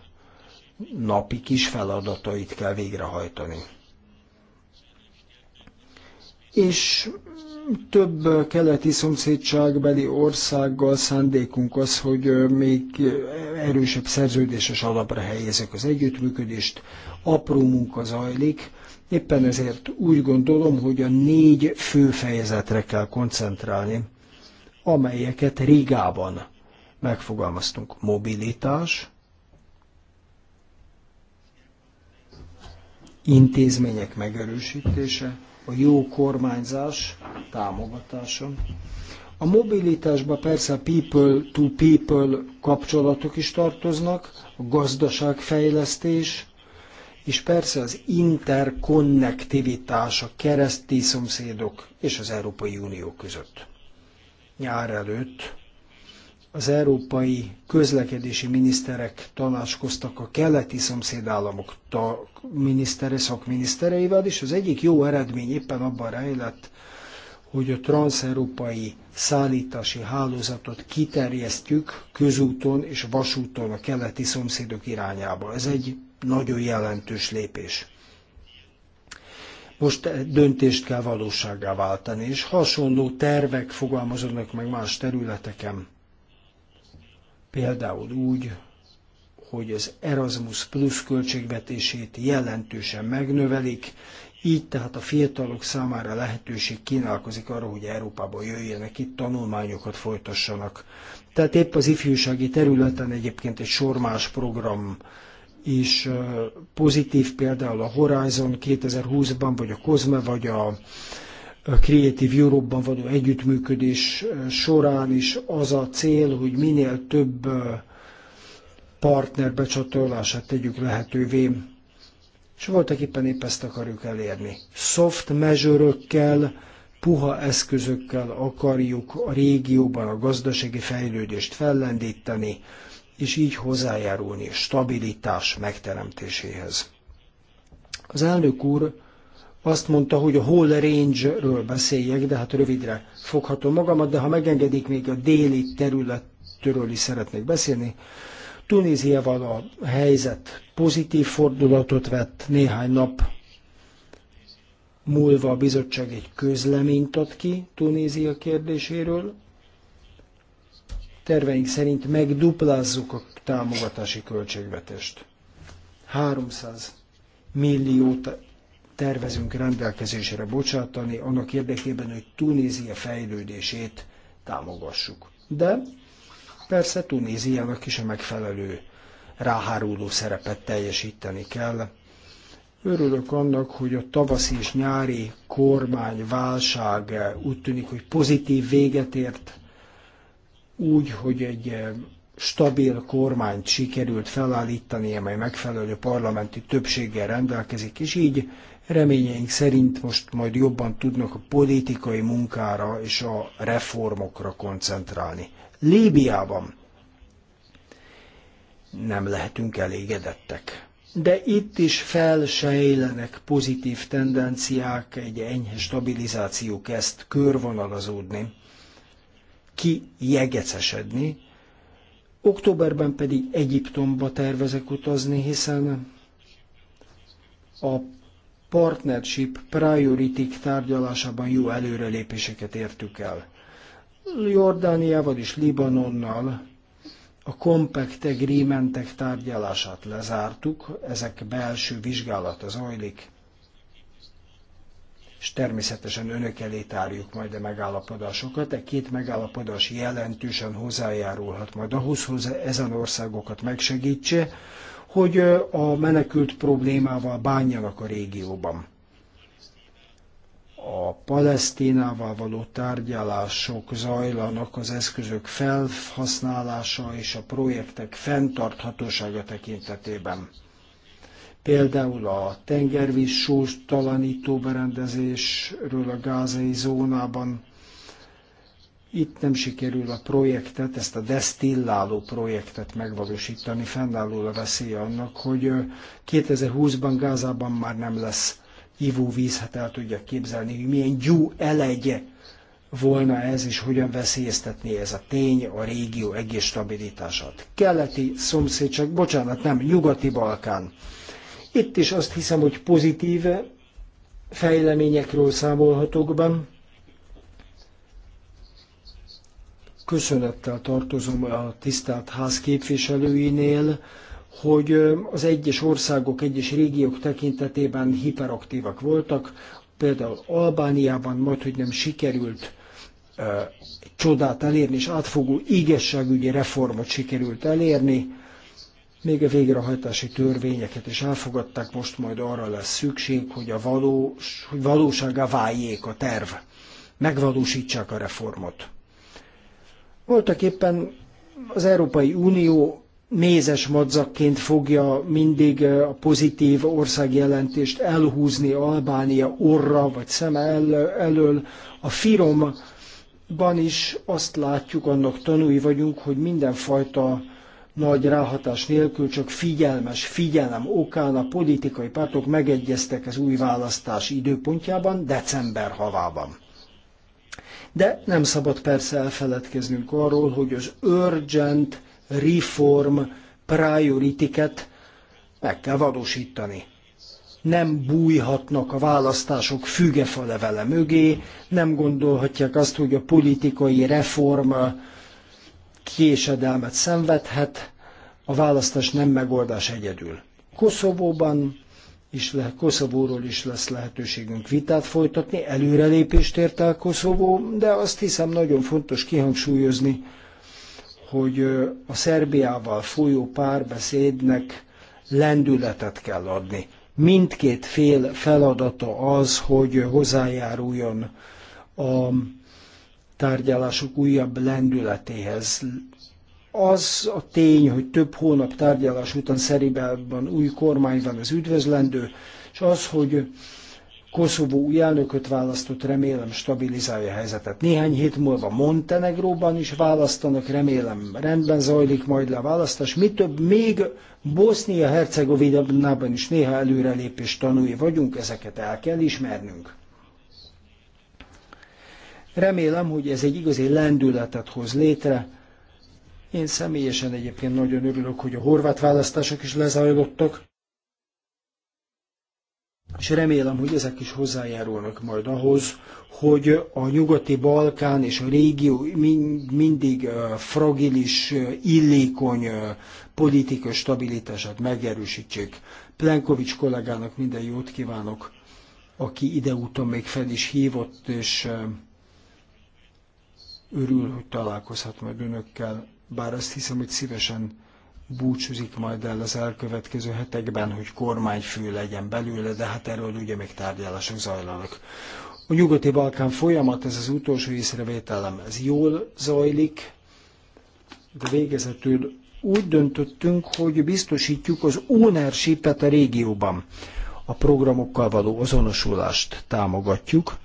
Napi kis feladatait kell végrehajtani. És több keleti szomszédságbeli országgal szándékunk az, hogy még erősebb szerződéses alapra helyezek az együttműködést. Apró munka zajlik, éppen ezért úgy gondolom, hogy a négy fő fejezetre kell koncentrálni, amelyeket Rigában megfogalmaztunk. Mobilitás, intézmények megerősítése, a jó kormányzás támogatása. A mobilitásba persze a people-to-people people kapcsolatok is tartoznak, a gazdaságfejlesztés, és persze az interkonnektivitás a kereszti szomszédok és az Európai Unió között. Nyár előtt az európai közlekedési miniszterek tanácskoztak a keleti szomszédállamok ta- minisztere, szakminisztereivel, és az egyik jó eredmény éppen abban rejlett, hogy a transzeurópai szállítási hálózatot kiterjesztjük közúton és vasúton a keleti szomszédok irányába. Ez egy nagyon jelentős lépés. Most e döntést kell valósággá váltani, és hasonló tervek fogalmazódnak meg más területeken például úgy, hogy az Erasmus Plus költségvetését jelentősen megnövelik, így tehát a fiatalok számára lehetőség kínálkozik arra, hogy Európába jöjjenek, itt tanulmányokat folytassanak. Tehát épp az ifjúsági területen egyébként egy sor más program is pozitív, például a Horizon 2020-ban, vagy a COSME, vagy a Creative Europe-ban való együttműködés során is az a cél, hogy minél több partner becsatolását tegyük lehetővé, és voltak éppen épp ezt akarjuk elérni. Soft measure puha eszközökkel akarjuk a régióban a gazdasági fejlődést fellendíteni, és így hozzájárulni stabilitás megteremtéséhez. Az elnök úr azt mondta, hogy a whole range-ről beszéljek, de hát rövidre foghatom magamat, de ha megengedik, még a déli területről is szeretnék beszélni. Tunéziával a helyzet pozitív fordulatot vett néhány nap múlva a bizottság egy közleményt ad ki Tunézia kérdéséről. Terveink szerint megduplázzuk a támogatási költségvetést. 300 millió tervezünk rendelkezésre bocsátani, annak érdekében, hogy Tunézia fejlődését támogassuk. De persze Tunéziának is a megfelelő ráháruló szerepet teljesíteni kell. Örülök annak, hogy a tavaszi és nyári kormányválság úgy tűnik, hogy pozitív véget ért, úgy, hogy egy stabil kormányt sikerült felállítani, amely megfelelő parlamenti többséggel rendelkezik, és így Reményeink szerint most majd jobban tudnak a politikai munkára és a reformokra koncentrálni. Líbiában nem lehetünk elégedettek. De itt is felsejlenek pozitív tendenciák, egy enyhe stabilizáció kezd körvonalazódni, ki jegecesedni, októberben pedig Egyiptomba tervezek utazni, hiszen a partnership priority tárgyalásában jó előrelépéseket értük el. Jordániával és Libanonnal a compact agreementek tárgyalását lezártuk, ezek belső vizsgálata zajlik, és természetesen önök elé tárjuk majd a megállapodásokat. E két megállapodás jelentősen hozzájárulhat majd ahhoz, hogy ezen országokat megsegítse, hogy a menekült problémával bánjanak a régióban. A Palesztinával való tárgyalások zajlanak az eszközök felhasználása és a projektek fenntarthatósága tekintetében például a tengervíz sóstalanító berendezésről a gázai zónában, itt nem sikerül a projektet, ezt a desztilláló projektet megvalósítani, fennálló a veszélye annak, hogy 2020-ban Gázában már nem lesz ivóvíz, hát el tudja képzelni, hogy milyen gyú elegye volna ez, és hogyan veszélyeztetné ez a tény a régió egész stabilitását. Keleti szomszédság, bocsánat, nem, nyugati Balkán. Itt is azt hiszem, hogy pozitív fejleményekről számolhatok benne. köszönettel tartozom a tisztelt ház képviselőinél, hogy az egyes országok, egyes régiók tekintetében hiperaktívak voltak, például Albániában majd, hogy nem sikerült e, csodát elérni, és átfogó igazságügyi reformot sikerült elérni, még a végrehajtási törvényeket is elfogadták, most majd arra lesz szükség, hogy a valós, hogy valóságá váljék a terv, megvalósítsák a reformot. Voltak éppen az Európai Unió mézes madzakként fogja mindig a pozitív országjelentést elhúzni Albánia orra vagy szeme elől. A Firomban is azt látjuk, annak tanúi vagyunk, hogy mindenfajta nagy ráhatás nélkül csak figyelmes figyelem okán a politikai pártok megegyeztek az új választás időpontjában, december havában. De nem szabad persze elfeledkeznünk arról, hogy az urgent reform priority-ket meg kell valósítani. Nem bújhatnak a választások fügefa levele mögé, nem gondolhatják azt, hogy a politikai reform késedelmet szenvedhet, a választás nem megoldás egyedül. Koszovóban is le, Koszovóról is lesz lehetőségünk vitát folytatni, előrelépést ért el Koszovó, de azt hiszem nagyon fontos kihangsúlyozni, hogy a Szerbiával folyó párbeszédnek lendületet kell adni. Mindkét fél feladata az, hogy hozzájáruljon a tárgyalások újabb lendületéhez, az a tény, hogy több hónap tárgyalás után Szeribában új kormány van, az üdvözlendő, és az, hogy Koszovó új elnököt választott, remélem stabilizálja a helyzetet. Néhány hét múlva Montenegróban is választanak, remélem rendben zajlik majd le a választás. Mi több, még Bosznia-Hercegovinában is néha előrelépés tanulja vagyunk, ezeket el kell ismernünk. Remélem, hogy ez egy igazi lendületet hoz létre, én személyesen egyébként nagyon örülök, hogy a horvát választások is lezajlottak, és remélem, hogy ezek is hozzájárulnak majd ahhoz, hogy a nyugati Balkán és a régió mindig fragilis, illékony politikai stabilitását megerősítsék. Plenkovics kollégának minden jót kívánok, aki ideúton még fel is hívott, és örül, hogy találkozhat majd önökkel bár azt hiszem, hogy szívesen búcsúzik majd el az elkövetkező hetekben, hogy kormányfő legyen belőle, de hát erről ugye még tárgyalások zajlanak. A nyugati Balkán folyamat, ez az utolsó észrevételem, ez jól zajlik, de végezetül úgy döntöttünk, hogy biztosítjuk az ownership a régióban. A programokkal való azonosulást támogatjuk,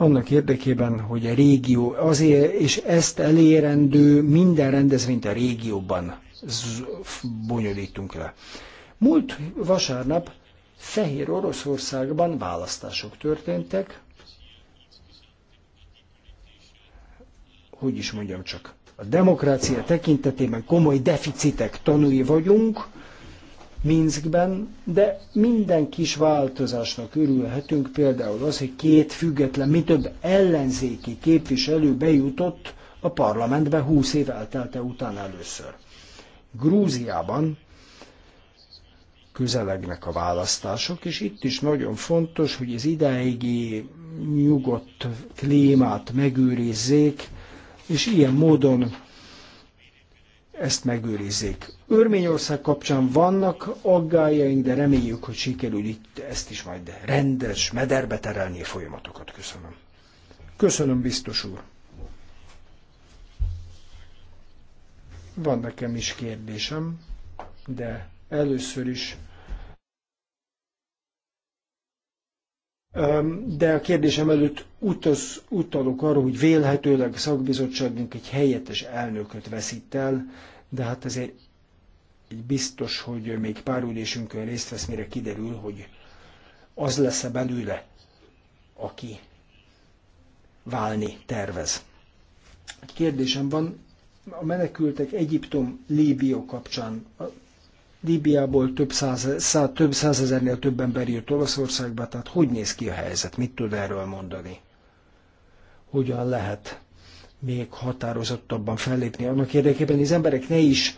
annak érdekében, hogy a régió azért, és ezt elérendő minden rendezvényt a régióban bonyolítunk le. Múlt vasárnap Fehér Oroszországban választások történtek, hogy is mondjam csak, a demokrácia tekintetében komoly deficitek tanúi vagyunk, Minskben, de minden kis változásnak örülhetünk, például az, hogy két független, mi több ellenzéki képviselő bejutott a parlamentbe húsz év eltelte után először. Grúziában közelegnek a választások, és itt is nagyon fontos, hogy az ideigi nyugodt klímát megőrizzék, és ilyen módon ezt megőrizzék. Örményország kapcsán vannak aggájaink, de reméljük, hogy sikerül itt ezt is majd rendes, mederbe terelni a folyamatokat. Köszönöm. Köszönöm, biztos úr. Van nekem is kérdésem, de először is De a kérdésem előtt utaz, utalok arra, hogy vélhetőleg a szakbizottságunk egy helyettes elnököt veszít el, de hát azért egy biztos, hogy még pár ülésünkön részt vesz, mire kiderül, hogy az lesz-e belőle, aki válni tervez. Egy kérdésem van, a menekültek Egyiptom, Líbia kapcsán Líbiából több, száz, szá, több százezernél több ember jött Olaszországba, tehát hogy néz ki a helyzet, mit tud erről mondani? Hogyan lehet még határozottabban fellépni annak érdekében, hogy az emberek ne is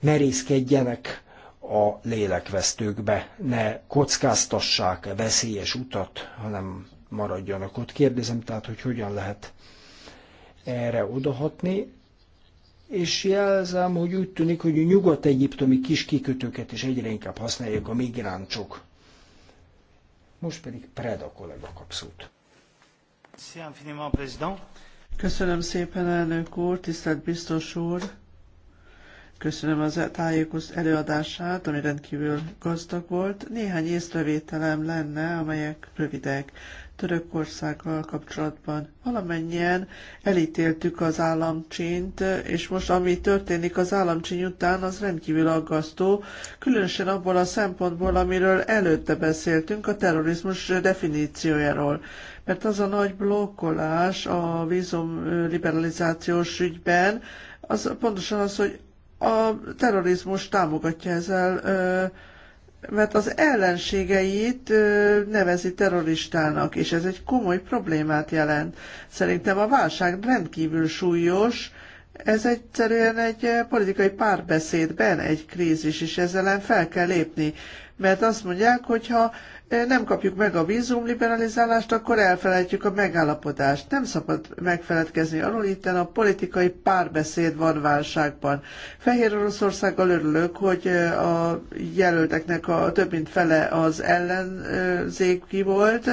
merészkedjenek a lélekvesztőkbe, ne kockáztassák a veszélyes utat, hanem maradjanak ott. Kérdezem tehát, hogy hogyan lehet erre odahatni, és jelzem, hogy úgy tűnik, hogy a nyugat-egyiptomi kis kikötőket is egyre inkább használják a migráncsok. Most pedig Preda kollega kap szót. Köszönöm szépen, elnök úr, tisztelt biztos úr. Köszönöm az tájékoz előadását, ami rendkívül gazdag volt. Néhány észrevételem lenne, amelyek rövidek. Törökországgal kapcsolatban. Valamennyien elítéltük az államcsint, és most ami történik az államcsíny után, az rendkívül aggasztó, különösen abból a szempontból, amiről előtte beszéltünk, a terrorizmus definíciójáról. Mert az a nagy blokkolás a vízum liberalizációs ügyben, az pontosan az, hogy a terrorizmus támogatja ezzel ö, mert az ellenségeit nevezi terroristának, és ez egy komoly problémát jelent. Szerintem a válság rendkívül súlyos, ez egyszerűen egy politikai párbeszédben egy krízis, és ezzel ellen fel kell lépni. Mert azt mondják, hogy ha nem kapjuk meg a vízumliberalizálást, akkor elfelejtjük a megállapodást. Nem szabad megfeledkezni arról, itten a politikai párbeszéd van válságban. Fehér Oroszországgal örülök, hogy a jelölteknek a több mint fele az ellenzéki volt,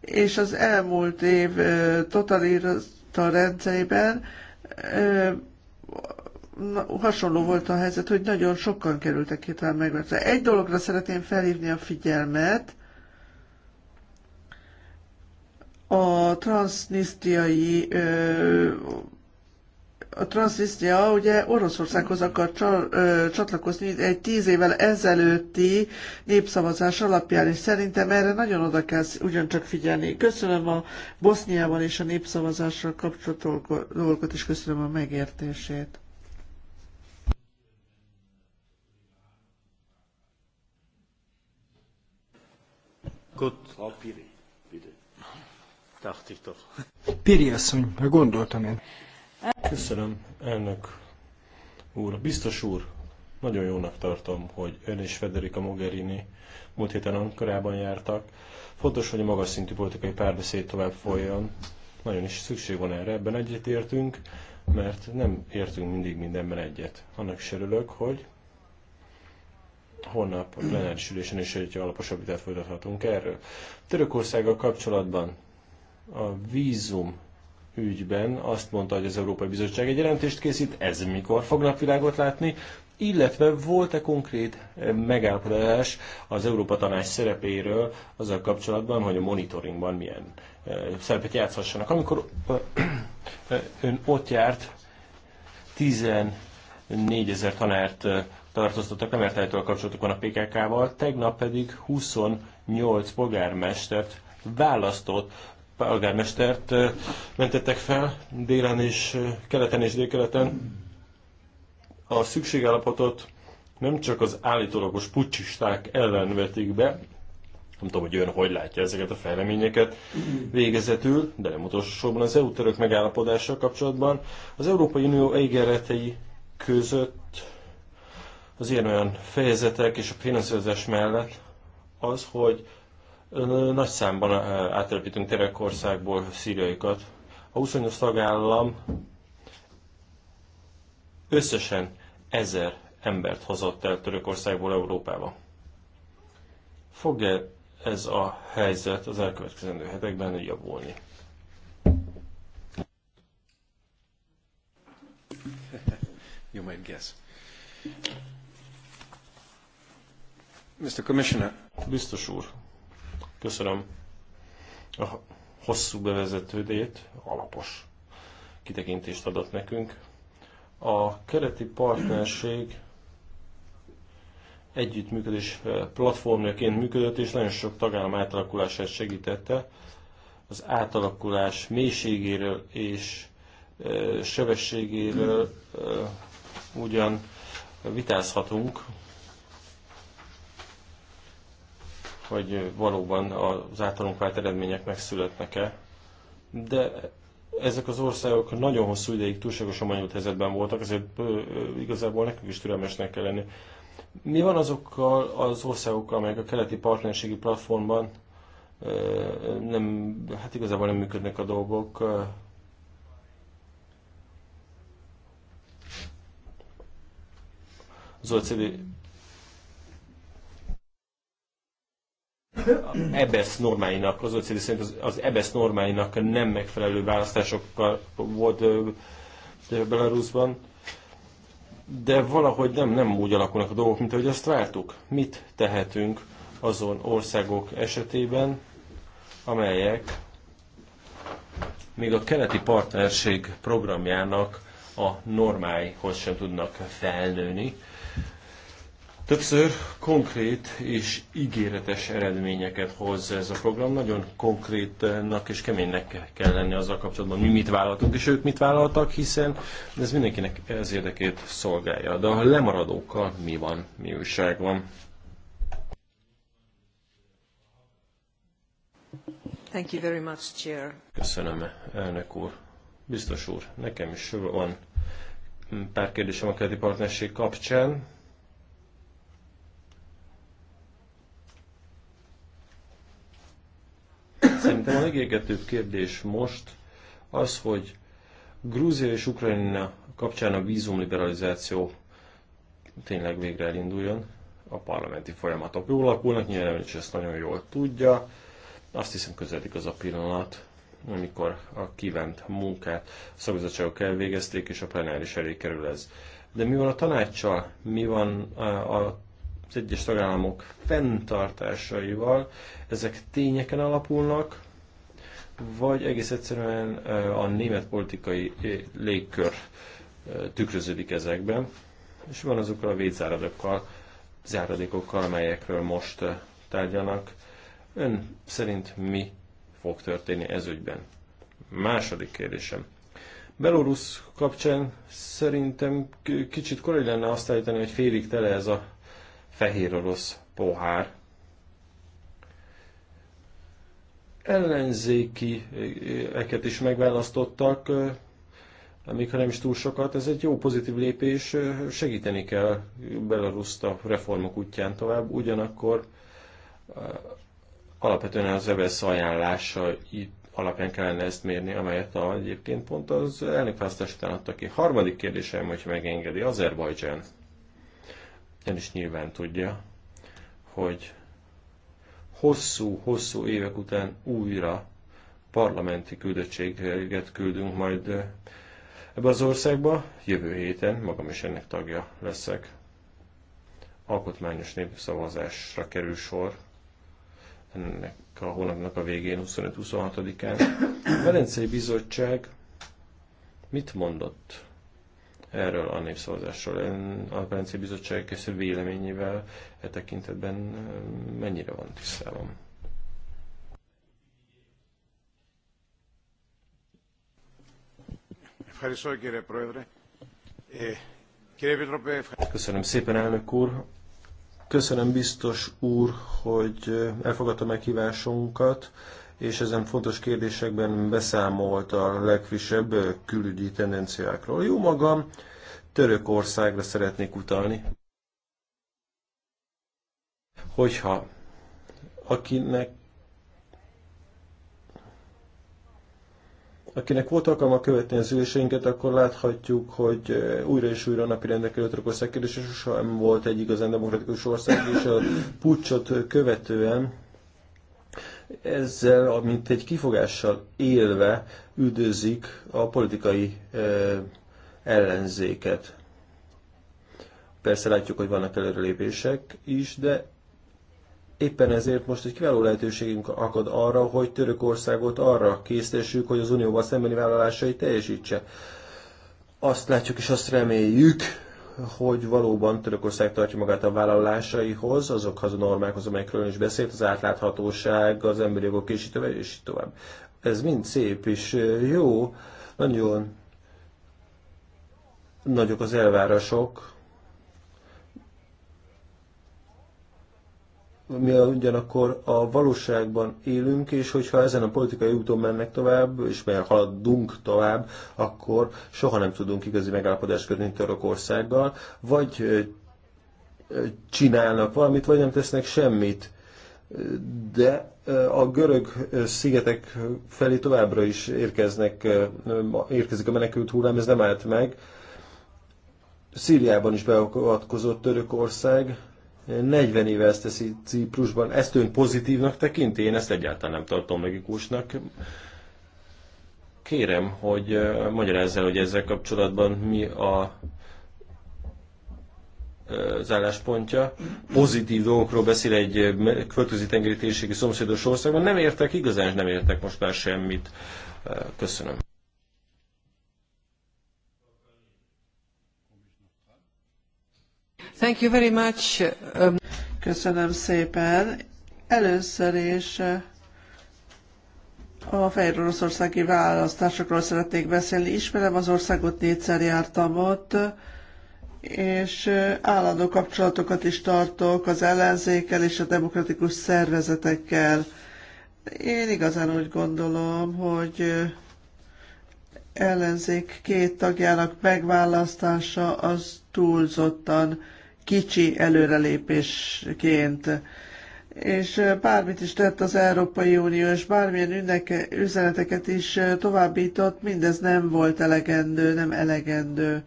és az elmúlt év totalita rendszerében hasonló volt a helyzet, hogy nagyon sokan kerültek hirtelen megvetve. Egy dologra szeretném felhívni a figyelmet, a transznisztriai a Transnistria ugye Oroszországhoz akar csatlakozni egy tíz évvel ezelőtti népszavazás alapján, és szerintem erre nagyon oda kell ugyancsak figyelni. Köszönöm a Boszniával és a népszavazásra kapcsolatos dolgot, és köszönöm a megértését. Good dachte ich doch. Piri asszony, gondoltam én. Köszönöm, elnök úr. Biztos úr, nagyon jónak tartom, hogy ön és Federica Mogherini múlt héten Ankarában jártak. Fontos, hogy a magas szintű politikai párbeszéd tovább folyjon. Nagyon is szükség van erre, ebben egyet értünk, mert nem értünk mindig mindenben egyet. Annak is örülök, hogy holnap a plenáris ülésen is egy alaposabb vitát folytathatunk erről. Törökországgal kapcsolatban a vízum ügyben azt mondta, hogy az Európai Bizottság egy jelentést készít, ez mikor fog napvilágot látni, illetve volt-e konkrét eh, megállapodás az Európa Tanács szerepéről azzal kapcsolatban, hogy a monitoringban milyen eh, szerepet játszhassanak. Amikor eh, ön ott járt, 14 ezer tanárt tartóztattak a kapcsolatokon a PKK-val, tegnap pedig 28 polgármestert választott polgármestert mentettek fel délen és keleten és délkeleten. A szükségállapotot nem csak az állítólagos pucsisták ellen vetik be, nem tudom, hogy ön hogy látja ezeket a fejleményeket végezetül, de nem utolsóban az EU-török megállapodással kapcsolatban. Az Európai Unió ígéretei között az ilyen olyan fejezetek és a finanszírozás mellett az, hogy nagy számban átelepítünk Terekországból szíriaikat. A 28 tagállam összesen ezer embert hozott el Törökországból Európába. fog -e ez a helyzet az elkövetkezendő hetekben javulni? *laughs* You might guess. Mr. Commissioner. Biztos úr, Köszönöm a hosszú bevezetődét, alapos kitekintést adott nekünk. A keleti partnerség együttműködés eh, platformjaként működött, és nagyon sok tagállam átalakulását segítette. Az átalakulás mélységéről és eh, sebességéről eh, ugyan vitázhatunk, hogy valóban az általunk vált eredmények megszületnek-e, de ezek az országok nagyon hosszú ideig túlságosan bonyolult helyzetben voltak, ezért igazából nekünk is türelmesnek kell lenni. Mi van azokkal az országokkal, amelyek a keleti partnerségi platformban nem, hát igazából nem működnek a dolgok. Az OECD EBESZ normáinak, az OECD szerint az, az EBESZ normáinak nem megfelelő választásokkal volt Belarusban, de valahogy nem, nem úgy alakulnak a dolgok, mint ahogy azt vártuk. Mit tehetünk azon országok esetében, amelyek még a keleti partnerség programjának a normáihoz sem tudnak felnőni. Többször konkrét és ígéretes eredményeket hoz ez a program. Nagyon konkrétnak és keménynek kell lenni azzal kapcsolatban, mi mit vállaltunk, és ők mit vállaltak, hiszen ez mindenkinek ez érdekét szolgálja. De a lemaradókkal mi van, mi újság van? Thank you very much, Chair. Köszönöm, elnök úr. Biztos úr, nekem is van pár kérdésem a keleti partnerség kapcsán Szerintem a legégetőbb kérdés most az, hogy Grúzia és Ukrajna kapcsán a vízumliberalizáció tényleg végre elinduljon. A parlamenti folyamatok jól alakulnak, nyilván is ezt nagyon jól tudja. Azt hiszem közeledik az a pillanat, amikor a kívánt munkát a szakbizottságok elvégezték, és a plenáris elé kerül ez. De mi van a tanácssal? Mi van az egyes tagállamok fenntartásaival? Ezek tényeken alapulnak, vagy egész egyszerűen a német politikai légkör tükröződik ezekben, és van azokkal a védzáradokkal, záradékokkal, amelyekről most tárgyalnak. Ön szerint mi fog történni ez ügyben? Második kérdésem. Belorusz kapcsán szerintem kicsit korai lenne azt állítani, hogy félig tele ez a fehér orosz pohár. ellenzékieket is megválasztottak, még ha nem is túl sokat, ez egy jó pozitív lépés, segíteni kell Belaruszt a reformok útján tovább, ugyanakkor alapvetően az EVS ajánlása itt alapján kellene ezt mérni, amelyet a, egyébként pont az elnökválasztás után adta ki. Harmadik kérdésem, hogyha megengedi, Azerbajdzsán. Ön is nyilván tudja, hogy hosszú-hosszú évek után újra parlamenti küldöttséget küldünk majd eh, ebbe az országba. Jövő héten magam is ennek tagja leszek. Alkotmányos népszavazásra kerül sor ennek a hónapnak a végén, 25-26-án. A Velencei Bizottság mit mondott erről a népszavazásról. Ön a Velencei Bizottság készül véleményével e tekintetben mennyire van tisztában? Köszönöm szépen, elnök úr! Köszönöm biztos úr, hogy elfogadta meghívásunkat és ezen fontos kérdésekben beszámolt a legfrissebb külügyi tendenciákról. Jó magam, Törökországra szeretnék utalni. Hogyha akinek akinek volt alkalma követni az üléseinket, akkor láthatjuk, hogy újra és újra napi előtt rakosszák kérdés, és sosem volt egy igazán demokratikus ország, és a pucsot követően ezzel, mint egy kifogással élve üdözik a politikai ellenzéket. Persze látjuk, hogy vannak előrelépések is, de éppen ezért most egy kiváló lehetőségünk akad arra, hogy Törökországot arra késztessük, hogy az unióval szembeni vállalásai teljesítse. Azt látjuk és azt reméljük, hogy valóban Törökország tartja magát a vállalásaihoz, azokhoz a normákhoz, amelyekről is beszélt, az átláthatóság, az emberi jogok és így tovább, és így tovább. Ez mind szép és jó, nagyon nagyok az elvárások, mi ugyanakkor a valóságban élünk, és hogyha ezen a politikai úton mennek tovább, és mert haladunk tovább, akkor soha nem tudunk igazi megállapodást kötni Törökországgal, vagy csinálnak valamit, vagy nem tesznek semmit. De a görög szigetek felé továbbra is érkeznek, érkezik a menekült hullám, ez nem állt meg. Szíriában is beavatkozott Törökország, 40 éve ezt teszi Ciprusban, ezt ön pozitívnak tekinti? Én ezt egyáltalán nem tartom logikusnak. Kérem, hogy magyarázz el, hogy ezzel kapcsolatban mi a az álláspontja. Pozitív dolgokról beszél egy földközi tengeri térségi szomszédos országban. Nem értek, igazán nem értek most már semmit. Köszönöm. Thank you very much. Um... Köszönöm szépen. Először is uh, a Fehér Oroszországi választásokról szeretnék beszélni. Ismerem az országot, négyszer jártam ott, és uh, állandó kapcsolatokat is tartok az ellenzékkel és a demokratikus szervezetekkel. Én igazán úgy gondolom, hogy uh, ellenzék két tagjának megválasztása az túlzottan kicsi előrelépésként és bármit is tett az Európai Unió, és bármilyen ünneke, üzeneteket is továbbított, mindez nem volt elegendő, nem elegendő.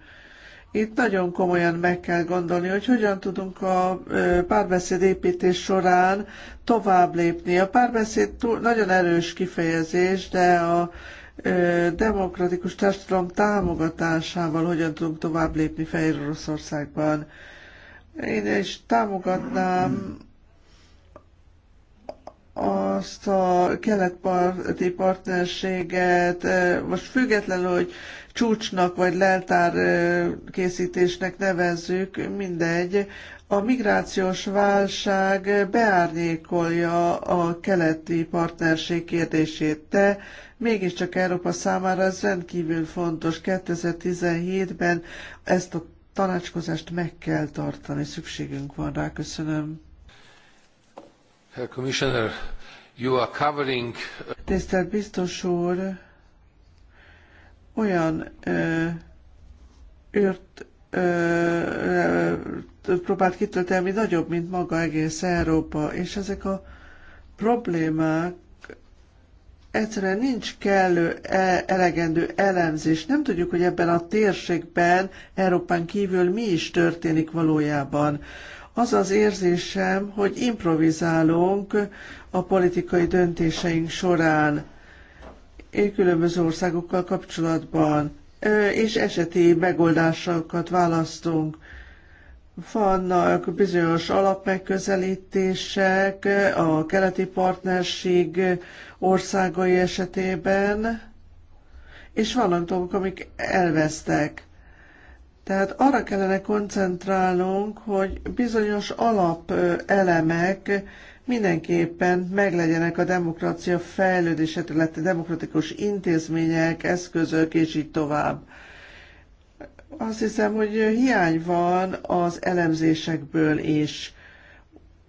Itt nagyon komolyan meg kell gondolni, hogy hogyan tudunk a párbeszéd építés során tovább lépni. A párbeszéd túl, nagyon erős kifejezés, de a demokratikus társadalom támogatásával hogyan tudunk tovább lépni Fehér Oroszországban én is támogatnám azt a keletparti partnerséget, eh, most függetlenül, hogy csúcsnak vagy leltár eh, készítésnek nevezzük, mindegy, a migrációs válság beárnyékolja a keleti partnerség kérdését, de mégiscsak Európa számára ez rendkívül fontos. 2017-ben ezt a tanácskozást meg kell tartani, szükségünk van rá, köszönöm. Herr Commissioner, you are covering... Uh, Tisztelt biztos úr, olyan őrt próbált kitölteni, ami nagyobb, mint maga egész Európa, és ezek a problémák egyszerűen nincs kellő, e, elegendő elemzés. Nem tudjuk, hogy ebben a térségben, Európán kívül mi is történik valójában. Az az érzésem, hogy improvizálunk a politikai döntéseink során, különböző országokkal kapcsolatban, és eseti megoldásokat választunk. Vannak bizonyos alapmegközelítések a keleti partnerség országai esetében, és vannak dolgok, amik elvesztek. Tehát arra kellene koncentrálnunk, hogy bizonyos alapelemek mindenképpen meglegyenek a demokrácia fejlődése területi demokratikus intézmények, eszközök és így tovább. Azt hiszem, hogy hiány van az elemzésekből is.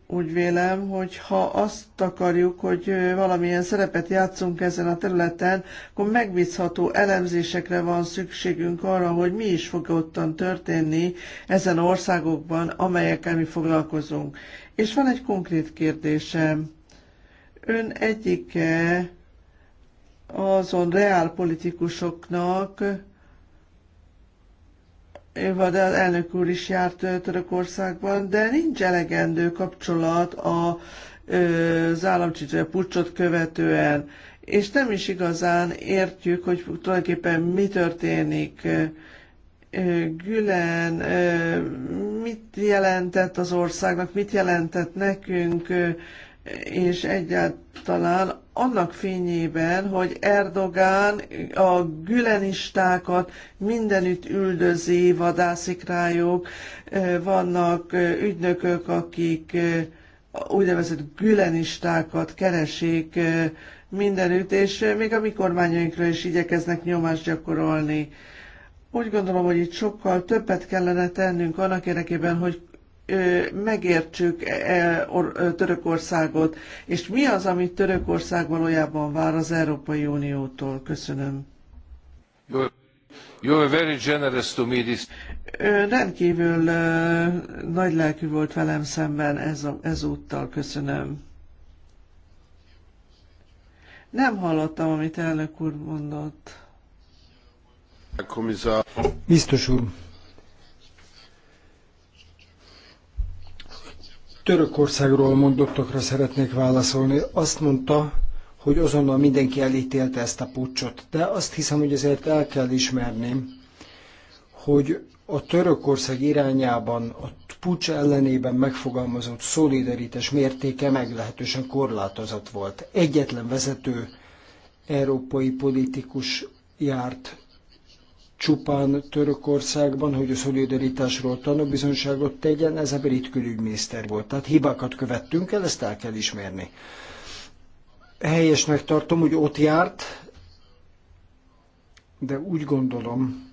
Úgy vélem, hogy ha azt akarjuk, hogy valamilyen szerepet játszunk ezen a területen, akkor megbízható elemzésekre van szükségünk arra, hogy mi is fog ottan történni ezen országokban, amelyekkel mi foglalkozunk. És van egy konkrét kérdésem. Ön egyike azon reálpolitikusoknak, politikusoknak, de az elnök úr is járt Törökországban, de nincs elegendő kapcsolat a, az államcsicsa pucsot követően, és nem is igazán értjük, hogy tulajdonképpen mi történik. Gülen mit jelentett az országnak, mit jelentett nekünk, és egyáltalán annak fényében, hogy Erdogán a gülenistákat mindenütt üldözi, vadászik rájuk, e, vannak e, ügynökök, akik e, úgynevezett gülenistákat keresik mindenütt, és még a mi kormányainkra is igyekeznek nyomást gyakorolni. Úgy gondolom, hogy itt sokkal többet kellene tennünk annak érdekében, hogy megértsük e, e, Törökországot, és mi az, amit Törökország valójában vár az Európai Uniótól. Köszönöm. You you're very generous to me this. Ő rendkívül nagy lelkű volt velem szemben ez a, ezúttal, köszönöm. Nem hallottam, amit elnök úr mondott. Biztos úr, Törökországról mondottakra szeretnék válaszolni. Azt mondta, hogy azonnal mindenki elítélte ezt a pucsot, de azt hiszem, hogy ezért el kell ismerni, hogy a Törökország irányában a pucs ellenében megfogalmazott szolidaritás mértéke meglehetősen korlátozott volt. Egyetlen vezető európai politikus járt csupán Törökországban, hogy a szolidaritásról tanúbizonyságot tegyen, ez a brit külügyminiszter volt. Tehát hibákat követtünk el, ezt el kell ismerni. Helyesnek tartom, hogy ott járt, de úgy gondolom,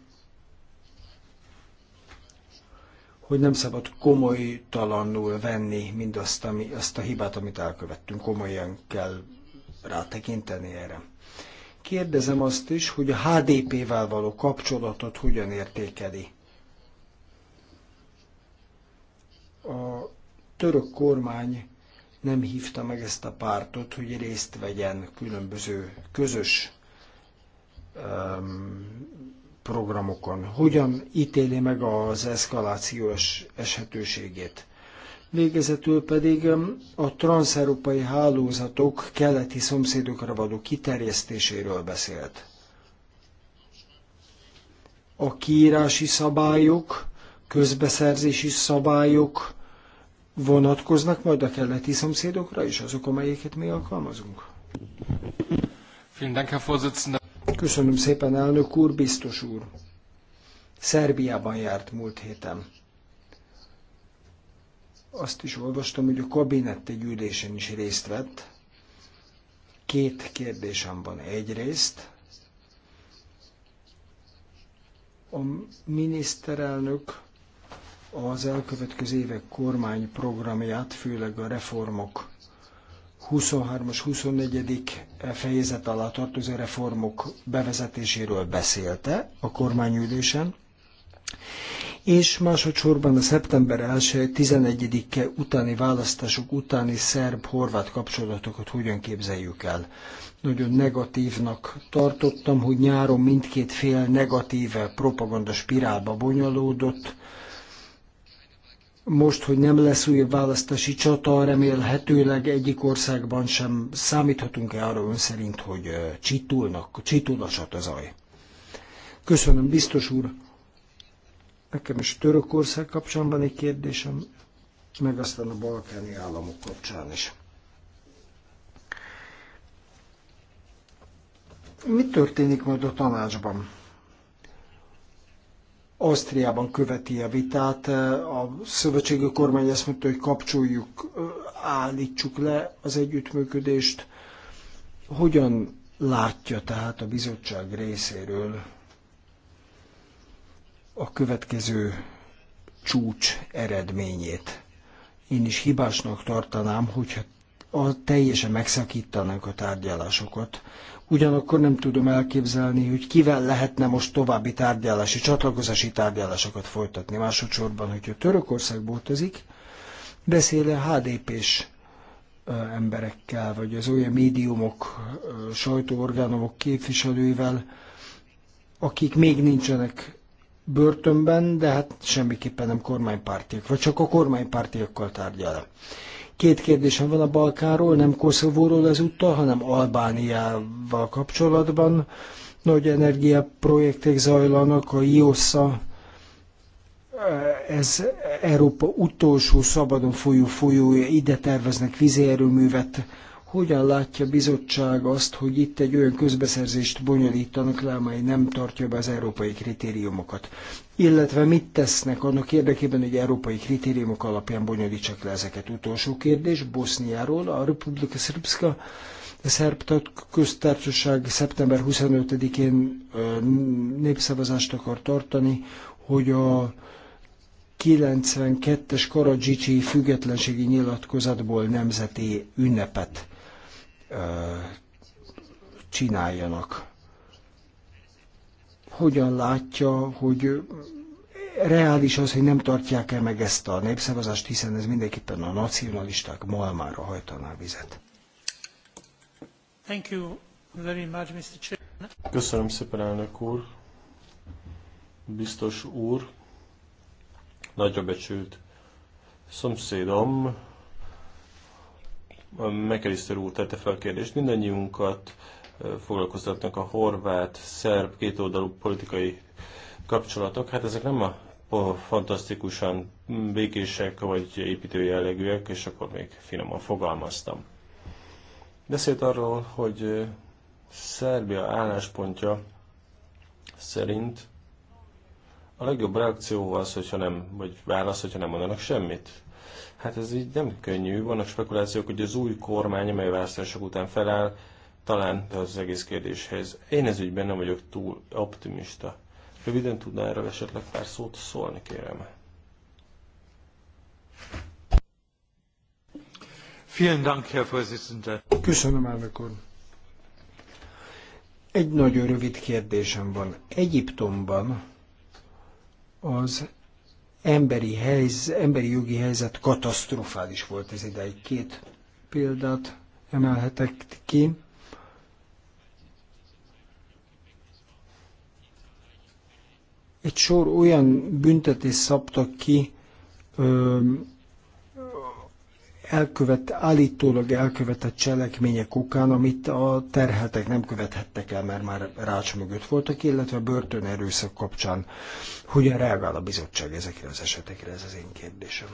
hogy nem szabad komoly talannul venni mindazt, ami, azt a hibát, amit elkövettünk. Komolyan kell rátekinteni erre. Kérdezem azt is, hogy a HDP-vel való kapcsolatot hogyan értékeli. A török kormány nem hívta meg ezt a pártot, hogy részt vegyen különböző közös um, programokon. Hogyan ítéli meg az eszkalációs eshetőségét? Végezetül pedig a transzeurópai hálózatok keleti szomszédokra való kiterjesztéséről beszélt. A kiírási szabályok, közbeszerzési szabályok vonatkoznak majd a keleti szomszédokra is, azok, amelyeket mi alkalmazunk? Köszönöm szépen, elnök úr, biztos úr. Szerbiában járt múlt héten azt is olvastam, hogy a kabinett egy ülésen is részt vett. Két kérdésem van. Egyrészt a miniszterelnök az elkövetkező évek kormányprogramját, főleg a reformok 23-as, 24. fejezet alá tartozó reformok bevezetéséről beszélte a kormányülésen, és másodszorban a szeptember 1 11-e utáni választások utáni szerb-horvát kapcsolatokat hogyan képzeljük el. Nagyon negatívnak tartottam, hogy nyáron mindkét fél negatíve propaganda spirálba bonyolódott, most, hogy nem lesz újabb választási csata, remélhetőleg egyik országban sem számíthatunk-e arra ön szerint, hogy csitulnak, csitul a csatazaj. Köszönöm, biztos úr, Nekem is Törökország kapcsán van egy kérdésem, meg aztán a balkáni államok kapcsán is. Mi történik majd a tanácsban? Ausztriában követi a vitát, a szövetségi kormány azt mondta, hogy kapcsoljuk, állítsuk le az együttműködést. Hogyan látja tehát a bizottság részéről a következő csúcs eredményét. Én is hibásnak tartanám, hogyha a, teljesen megszakítanánk a tárgyalásokat. Ugyanakkor nem tudom elképzelni, hogy kivel lehetne most további tárgyalási, csatlakozási tárgyalásokat folytatni. Másodszorban, hogyha Törökország boltozik, beszél a HDP-s emberekkel, vagy az olyan médiumok, sajtóorgánumok képviselőivel, akik még nincsenek börtönben, de hát semmiképpen nem kormánypártiak, vagy csak a kormánypártiakkal tárgyal. Két kérdésem van a Balkánról, nem Koszovóról ezúttal, hanem Albániával kapcsolatban. Nagy energiaprojektek zajlanak, a IOSZA, eh, ez Európa utolsó szabadon folyó folyója, ide terveznek vízérőművet, hogyan látja a bizottság azt, hogy itt egy olyan közbeszerzést bonyolítanak le, amely nem tartja be az európai kritériumokat? Illetve mit tesznek annak érdekében, hogy európai kritériumok alapján bonyolítsak le ezeket? Utolsó kérdés, Boszniáról, a Republika Srpska a szerb köztársaság szeptember 25-én népszavazást akar tartani, hogy a 92-es Karadzsicsi függetlenségi nyilatkozatból nemzeti ünnepet csináljanak. Hogyan látja, hogy reális az, hogy nem tartják el meg ezt a népszavazást, hiszen ez mindenképpen a nacionalisták malmára hajtaná vizet. Thank you very much, Mr. Köszönöm szépen, elnök úr, biztos úr, nagyra becsült szomszédom, McAllister úr tette fel a kérdést, mindannyiunkat foglalkoztatnak a horvát, szerb, kétoldalú politikai kapcsolatok. Hát ezek nem a fantasztikusan békések vagy építő jellegűek, és akkor még finoman fogalmaztam. Beszélt arról, hogy Szerbia álláspontja szerint a legjobb reakció az, hogyha nem, vagy válasz, hogyha nem mondanak semmit. Hát ez így nem könnyű. Vannak spekulációk, hogy az új kormány, amely választások után feláll, talán az egész kérdéshez. Én ez ügyben nem vagyok túl optimista. Röviden tudná erről esetleg pár szót szólni, kérem. Vielen Dank, Herr Vorsitzender. Köszönöm, elnök úr. Egy nagyon rövid kérdésem van. Egyiptomban az emberi, helyz, emberi jogi helyzet katasztrofális volt ez ideig. Két példát emelhetek ki. Egy sor olyan büntetés szabtak ki, elkövet, állítólag elkövetett cselekmények okán, amit a terheltek nem követhettek el, mert már rács mögött voltak, illetve börtön erőszak kapcsán. Hogyan reagál a bizottság ezekre az esetekre? Ez az én kérdésem.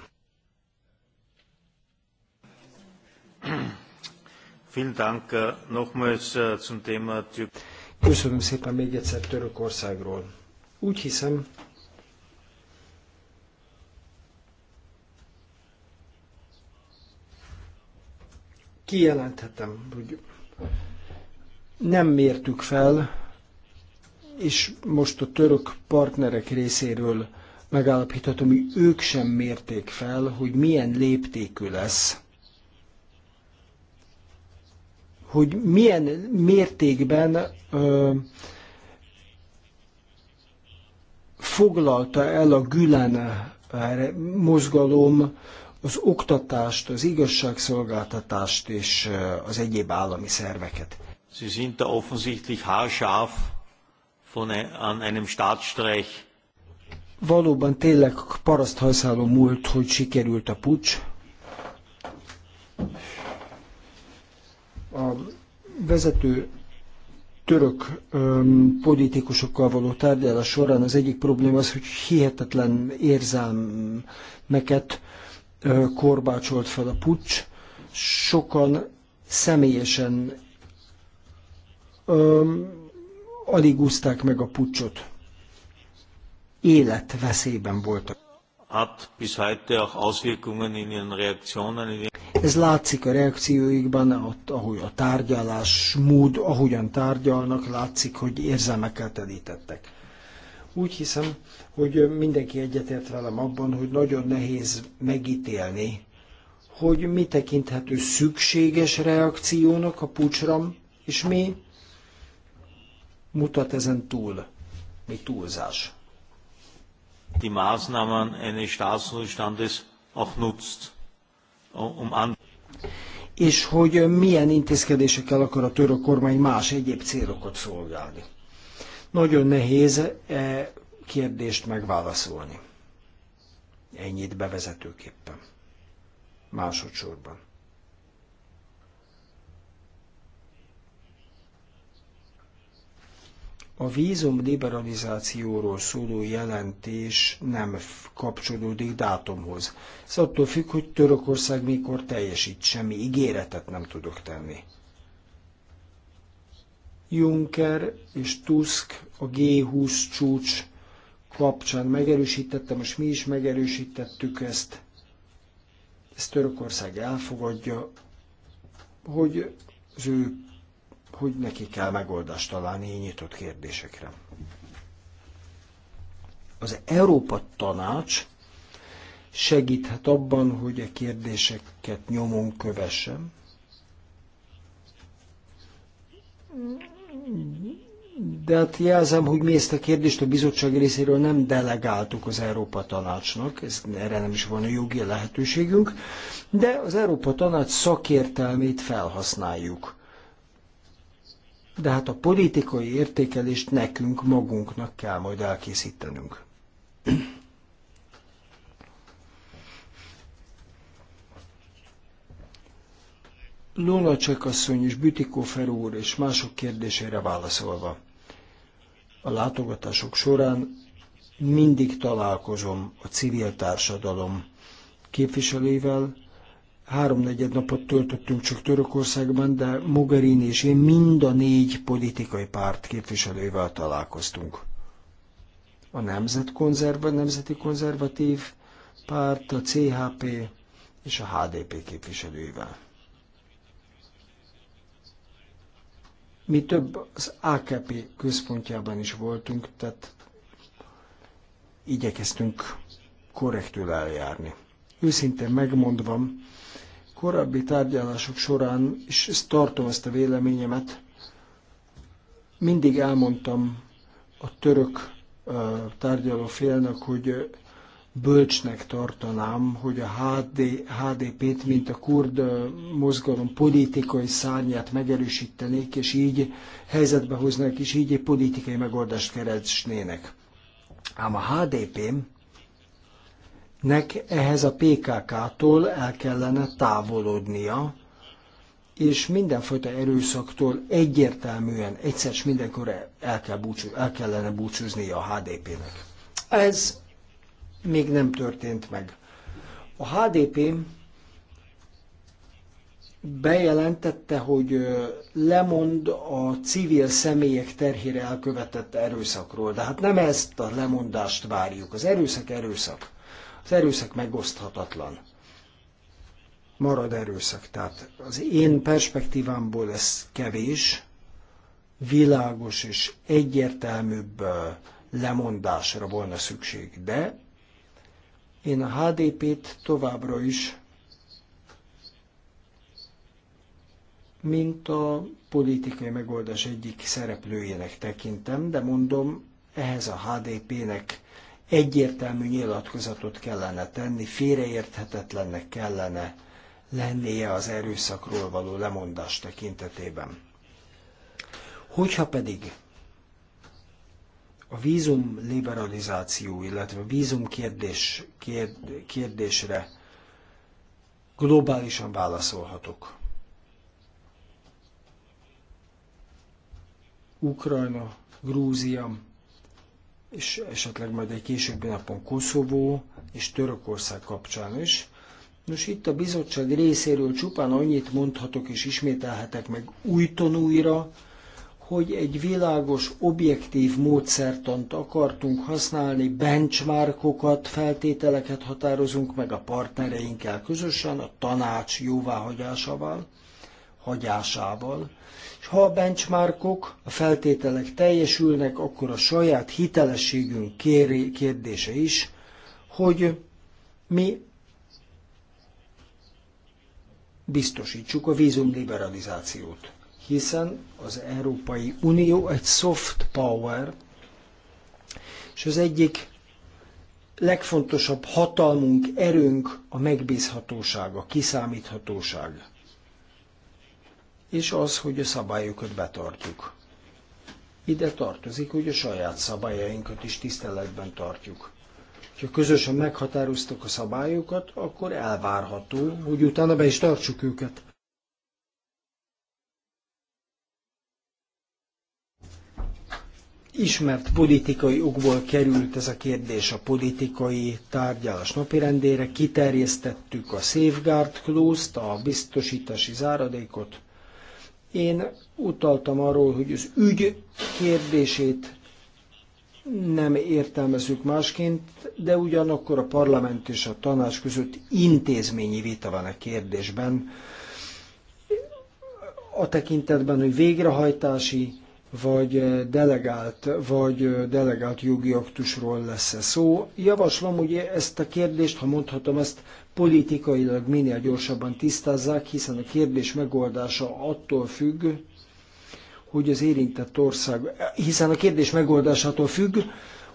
Äh, äh, Köszönöm szépen még egyszer Törökországról. Úgy hiszem, kijelenthetem, hogy nem mértük fel, és most a török partnerek részéről megállapíthatom, hogy ők sem mérték fel, hogy milyen léptékű lesz, hogy milyen mértékben ö, foglalta el a Gülen mozgalom az oktatást, az igazságszolgáltatást és az egyéb állami szerveket. Sie sind da offensichtlich haarscharf von e, an einem Staatsstreich. Valóban tényleg paraszthajszáló múlt, hogy sikerült a pucs. A vezető török öm, politikusokkal való tárgyalás során az egyik probléma az, hogy hihetetlen érzelmeket korbácsolt fel a pucs, sokan személyesen öm, alig úzták meg a pucsot. Életveszélyben voltak. Ez látszik a reakcióikban, ott, ahogy a tárgyalás mód, ahogyan tárgyalnak, látszik, hogy érzelmekkel telítettek. Úgy hiszem, hogy mindenki egyetért velem abban, hogy nagyon nehéz megítélni, hogy mi tekinthető szükséges reakciónak a pucsra, és mi mutat ezen túl, mi túlzás. Die Maßnahmen eines Staatszustandes auch nutzt, um, um an és hogy milyen intézkedésekkel akar a török kormány más egyéb célokat szolgálni. Nagyon nehéz e kérdést megválaszolni. Ennyit bevezetőképpen. Másodszorban. A vízum liberalizációról szóló jelentés nem kapcsolódik dátumhoz. Ez attól függ, hogy Törökország mikor teljesít, semmi ígéretet nem tudok tenni. Juncker és Tusk a G20 csúcs kapcsán megerősítette, most mi is megerősítettük ezt. Ezt Törökország elfogadja, hogy az ő, hogy neki kell megoldást találni nyitott kérdésekre. Az Európa Tanács segíthet abban, hogy a kérdéseket nyomon kövessem de hát jelzem, hogy mi ezt a kérdést a bizottság részéről nem delegáltuk az Európa Tanácsnak, ez, erre nem is van a jogi lehetőségünk, de az Európa Tanács szakértelmét felhasználjuk. De hát a politikai értékelést nekünk magunknak kell majd elkészítenünk. Lunacek Csekasszony és Bütikófer úr és mások kérdésére válaszolva. A látogatások során mindig találkozom a civil társadalom képviselőivel. Háromnegyed napot töltöttünk csak Törökországban, de Mogherini és én mind a négy politikai párt képviselőivel találkoztunk. A nemzetkonzerva, Nemzeti Konzervatív Párt, a CHP és a HDP képviselőivel. Mi több az AKP központjában is voltunk, tehát igyekeztünk korrektül eljárni. Őszintén megmondva, korábbi tárgyalások során, és tartom ezt a véleményemet, mindig elmondtam a török tárgyaló félnek, hogy bölcsnek tartanám, hogy a HD, HDP-t, mint a kurd mozgalom politikai szárnyát megerősítenék, és így helyzetbe hoznak, és így egy politikai megoldást keresnének. Ám a HDP nek ehhez a PKK-tól el kellene távolodnia, és mindenfajta erőszaktól egyértelműen, egyszer s mindenkor el, kell búcsú, el kellene búcsúznia a HDP-nek. Ez még nem történt meg. A HDP bejelentette, hogy lemond a civil személyek terhére elkövetett erőszakról. De hát nem ezt a lemondást várjuk. Az erőszak erőszak. Az erőszak megoszthatatlan. Marad erőszak. Tehát az én perspektívámból ez kevés, világos és egyértelműbb lemondásra volna szükség. De én a HDP-t továbbra is, mint a politikai megoldás egyik szereplőjének tekintem, de mondom, ehhez a HDP-nek egyértelmű nyilatkozatot kellene tenni, félreérthetetlennek kellene lennie az erőszakról való lemondás tekintetében. Hogyha pedig a vízum liberalizáció, illetve a vízum kérdés, kérd, kérdésre globálisan válaszolhatok. Ukrajna, Grúzia, és esetleg majd egy későbbi napon Koszovó és Törökország kapcsán is. Nos, itt a bizottság részéről csupán annyit mondhatok és ismételhetek meg új újra, hogy egy világos, objektív módszertant akartunk használni, benchmarkokat, feltételeket határozunk meg a partnereinkkel közösen, a tanács jóváhagyásával, hagyásával. És ha a benchmarkok, a feltételek teljesülnek, akkor a saját hitelességünk kérdése is, hogy mi biztosítsuk a vízumliberalizációt hiszen az Európai Unió egy soft power, és az egyik legfontosabb hatalmunk, erőnk a megbízhatóság, a kiszámíthatóság. És az, hogy a szabályokat betartjuk. Ide tartozik, hogy a saját szabályainkat is tiszteletben tartjuk. Ha közösen meghatároztuk a szabályokat, akkor elvárható, hogy utána be is tartsuk őket. ismert politikai okból került ez a kérdés a politikai tárgyalás napirendjére. Kiterjesztettük a safeguard clause t a biztosítási záradékot. Én utaltam arról, hogy az ügy kérdését nem értelmezzük másként, de ugyanakkor a parlament és a tanács között intézményi vita van a kérdésben, a tekintetben, hogy végrehajtási vagy eh, delegált, vagy eh, delegált jogi aktusról lesz -e szó. Javaslom, hogy ezt a kérdést, ha mondhatom, ezt politikailag minél gyorsabban tisztázzák, hiszen a kérdés megoldása attól függ, hogy az érintett ország, hiszen a kérdés megoldásától függ,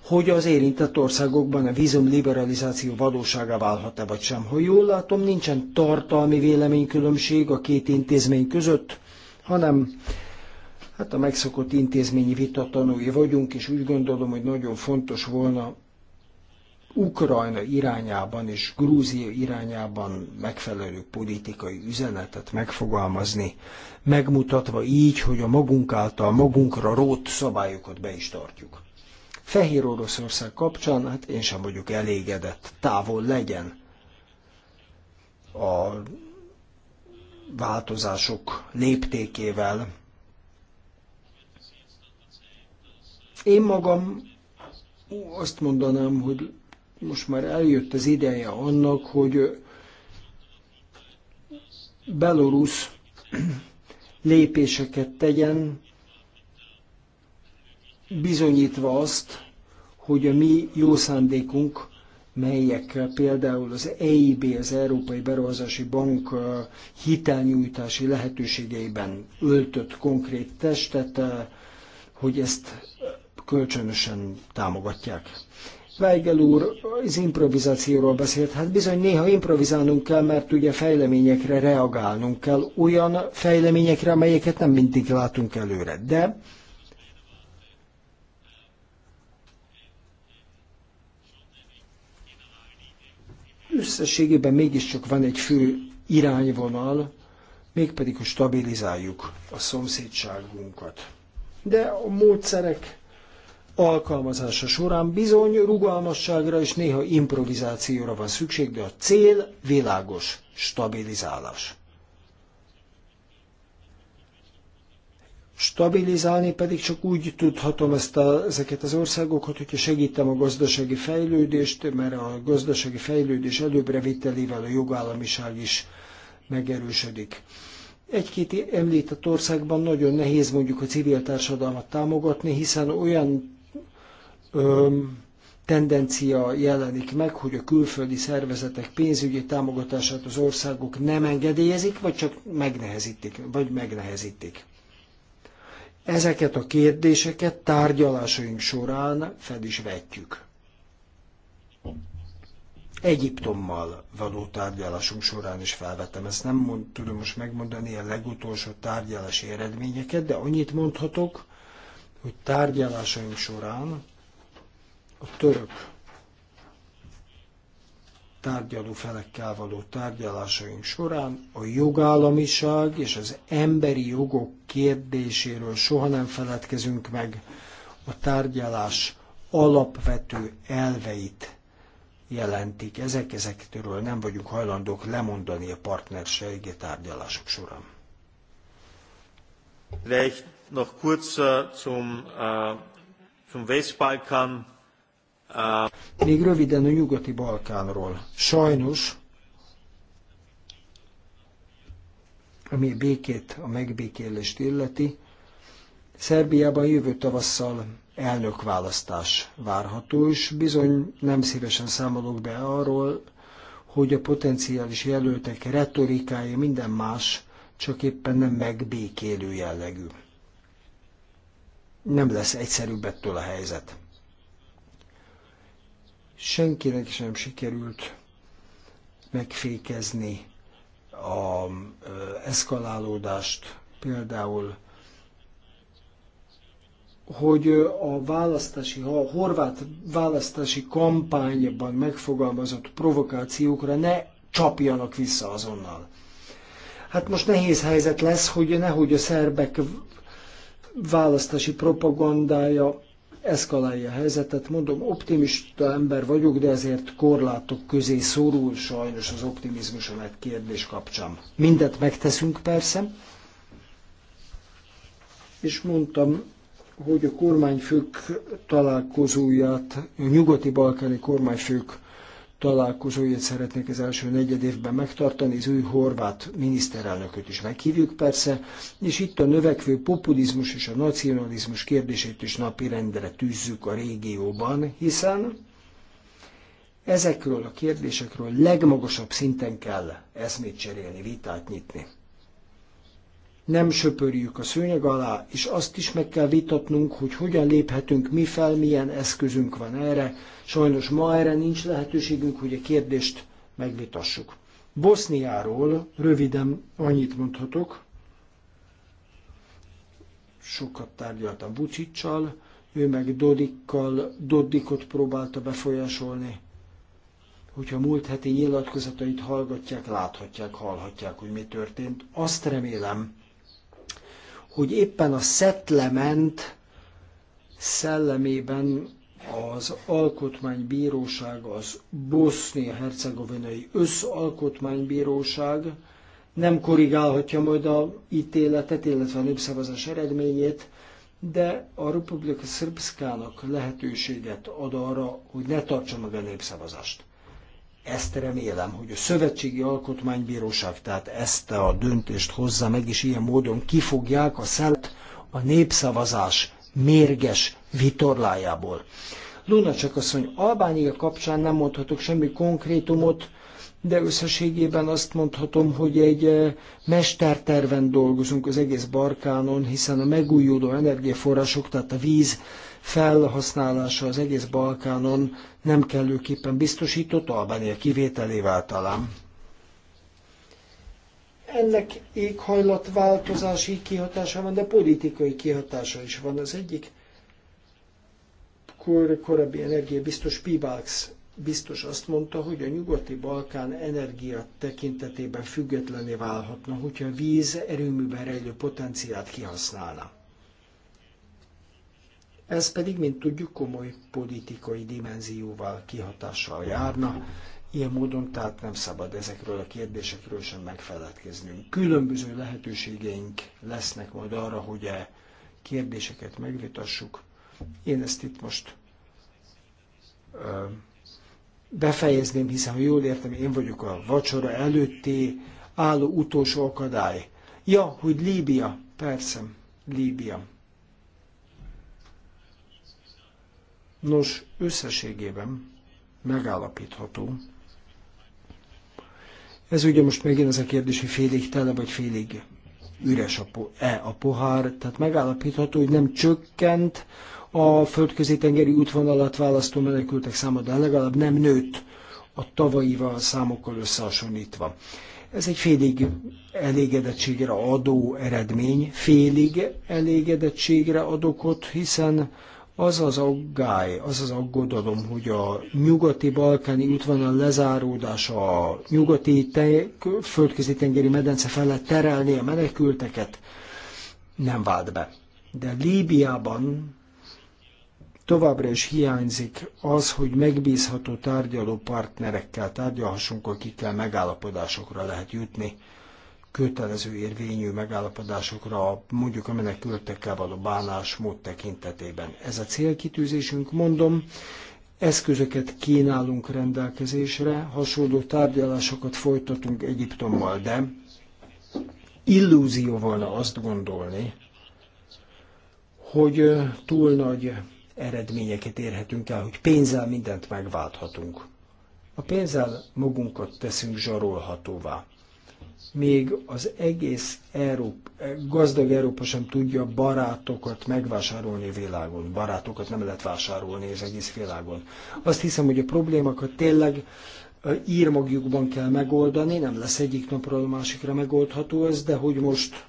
hogy az érintett országokban a vízum liberalizáció valósága válhat-e vagy sem. Ha jól látom, nincsen tartalmi véleménykülönbség a két intézmény között, hanem Hát a megszokott intézményi vita tanúi vagyunk, és úgy gondolom, hogy nagyon fontos volna Ukrajna irányában és Grúzia irányában megfelelő politikai üzenetet megfogalmazni, megmutatva így, hogy a magunk által magunkra rót szabályokat be is tartjuk. Fehér Oroszország kapcsán, hát én sem vagyok elégedett, távol legyen a változások léptékével, Én magam azt mondanám, hogy most már eljött az ideje annak, hogy Belarus lépéseket tegyen, bizonyítva azt, hogy a mi jó szándékunk, melyek például az EIB, az Európai Beruházási Bank uh, hitelnyújtási lehetőségeiben öltött konkrét testet, uh, hogy ezt kölcsönösen támogatják. Weigel úr az improvizációról beszélt. Hát bizony néha improvizálnunk kell, mert ugye fejleményekre reagálnunk kell, olyan fejleményekre, amelyeket nem mindig látunk előre. De összességében mégiscsak van egy fő irányvonal, mégpedig, hogy stabilizáljuk a szomszédságunkat. De a módszerek alkalmazása során bizony rugalmasságra és néha improvizációra van szükség, de a cél világos stabilizálás. Stabilizálni pedig csak úgy tudhatom ezt a, ezeket az országokat, hogyha segítem a gazdasági fejlődést, mert a gazdasági fejlődés előbbre vitelével a jogállamiság is megerősödik. Egy-két említett országban nagyon nehéz mondjuk a civil társadalmat támogatni, hiszen olyan öm, tendencia jelenik meg, hogy a külföldi szervezetek pénzügyi támogatását az országok nem engedélyezik, vagy csak megnehezítik, vagy megnehezítik. Ezeket a kérdéseket tárgyalásaink során fel is vetjük. Egyiptommal való tárgyalásunk során is felvettem. Ezt nem mond, tudom most megmondani a legutolsó tárgyalási eredményeket, de annyit mondhatok, hogy tárgyalásaink során a török tárgyaló felekkel való tárgyalásaink során a jogállamiság és az emberi jogok kérdéséről soha nem feledkezünk meg a tárgyalás alapvető elveit jelentik. Ezek ezektől nem vagyunk hajlandók lemondani a partnerségi tárgyalások során. Vielleicht noch kurz äh, zum, äh, zum Westbalkan. Még röviden a nyugati Balkánról. Sajnos, ami a békét, a megbékélést illeti, Szerbiában jövő tavasszal elnökválasztás várható, és bizony nem szívesen számolok be arról, hogy a potenciális jelöltek retorikája minden más, csak éppen nem megbékélő jellegű. Nem lesz egyszerűbb ettől a helyzet senkinek sem sikerült megfékezni a eszkalálódást, például hogy a választási, a horvát választási kampányban megfogalmazott provokációkra ne csapjanak vissza azonnal. Hát most nehéz helyzet lesz, hogy nehogy a szerbek választási propagandája eszkalálja a helyzetet. Mondom, optimista ember vagyok, de ezért korlátok közé szorul sajnos az optimizmus a kérdés kapcsán. Mindet megteszünk persze, és mondtam, hogy a kormányfők találkozóját, a nyugati-balkáni kormányfők találkozóját szeretnék az első negyed évben megtartani, az új horvát miniszterelnököt is meghívjuk persze, és itt a növekvő populizmus és a nacionalizmus kérdését is napirendre tűzzük a régióban, hiszen ezekről a kérdésekről legmagasabb szinten kell eszmét cserélni, vitát nyitni nem söpörjük a szőnyeg alá, és azt is meg kell vitatnunk, hogy hogyan léphetünk mi fel, milyen eszközünk van erre. Sajnos ma erre nincs lehetőségünk, hogy a kérdést megvitassuk. Boszniáról röviden annyit mondhatok, sokat tárgyaltam Vucicsal, ő meg Dodikkal, Dodikot próbálta befolyásolni. Hogyha múlt heti nyilatkozatait hallgatják, láthatják, hallhatják, hogy mi történt. Azt remélem, hogy éppen a Settlement szellemében az alkotmánybíróság, az bosznia-hercegovinai összalkotmánybíróság nem korrigálhatja majd a ítéletet, illetve a népszavazás eredményét, de a Republika Szrbszkának lehetőséget ad arra, hogy ne tartsa meg a népszavazást. Ezt remélem, hogy a Szövetségi Alkotmánybíróság, tehát ezt a döntést hozza meg, és ilyen módon kifogják a szelt a népszavazás mérges vitorlájából. Luna csak azt mondja, Albánia kapcsán nem mondhatok semmi konkrétumot, de összességében azt mondhatom, hogy egy eh, mesterterven dolgozunk az egész Balkánon, hiszen a megújuló energiaforrások, tehát a víz felhasználása az egész Balkánon nem kellőképpen biztosított, Albánia kivételével talán. Ennek éghajlatváltozási kihatása van, de politikai kihatása is van. Az egyik kor, korábbi energiabiztos Pibalks biztos azt mondta, hogy a nyugati Balkán energia tekintetében függetlené válhatna, hogyha a víz erőműben rejlő potenciált kihasználna. Ez pedig, mint tudjuk, komoly politikai dimenzióval kihatással járna, ilyen módon tehát nem szabad ezekről a kérdésekről sem megfeledkeznünk. Különböző lehetőségeink lesznek majd arra, hogy e kérdéseket megvitassuk. Én ezt itt most uh, befejezném, hiszen ha jól értem, én vagyok a vacsora előtti álló utolsó akadály. Ja, hogy Líbia, persze, Líbia. Nos, összességében megállapítható. Ez ugye most megint az a kérdés, hogy félig tele vagy félig üres a, po- e a pohár, tehát megállapítható, hogy nem csökkent a földközi tengeri útvonalat választó menekültek száma, de legalább nem nőtt a tavalyival számokkal összehasonlítva. Ez egy félig elégedettségre adó eredmény, félig elégedettségre adokot, hiszen az az aggály, az az aggodalom, hogy a nyugati-balkáni útvonal lezáródása a nyugati földközi-tengeri medence felett terelni a menekülteket, nem vált be. De Líbiában Továbbra is hiányzik az, hogy megbízható tárgyaló partnerekkel tárgyalhassunk, akikkel megállapodásokra lehet jutni, kötelező érvényű megállapodásokra, mondjuk a menekültekkel való bánásmód tekintetében. Ez a célkitűzésünk, mondom, eszközöket kínálunk rendelkezésre, hasonló tárgyalásokat folytatunk Egyiptommal, de illúzió volna azt gondolni, hogy túl nagy eredményeket érhetünk el, hogy pénzzel mindent megválthatunk. A pénzzel magunkat teszünk zsarolhatóvá. Még az egész Európ, gazdag Európa sem tudja barátokat megvásárolni világon. Barátokat nem lehet vásárolni az egész világon. Azt hiszem, hogy a problémákat tényleg írmagjukban kell megoldani, nem lesz egyik napról a másikra megoldható ez, de hogy most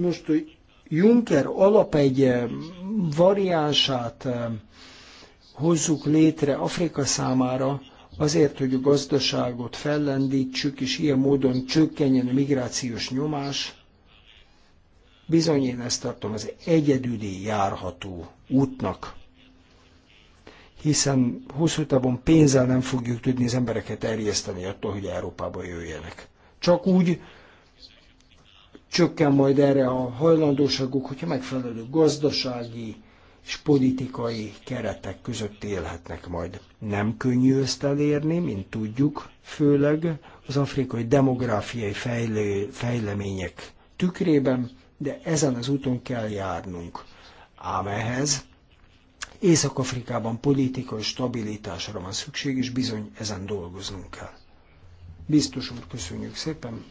most Juncker alap egy variánsát eh, hozzuk létre Afrika számára, azért, hogy a gazdaságot fellendítsük, és ilyen módon csökkenjen a migrációs nyomás, bizony én ezt tartom az egyedüli járható útnak, hiszen hosszú távon pénzzel nem fogjuk tudni az embereket erjeszteni attól, hogy Európába jöjjenek. Csak úgy, csökken majd erre a hajlandóságuk, hogyha megfelelő gazdasági és politikai keretek között élhetnek majd. Nem könnyű ezt elérni, mint tudjuk, főleg az afrikai demográfiai fejlő, fejlemények tükrében, de ezen az úton kell járnunk. Ám ehhez Észak-Afrikában politikai stabilitásra van szükség, és bizony ezen dolgoznunk kell. Biztos úr, köszönjük szépen!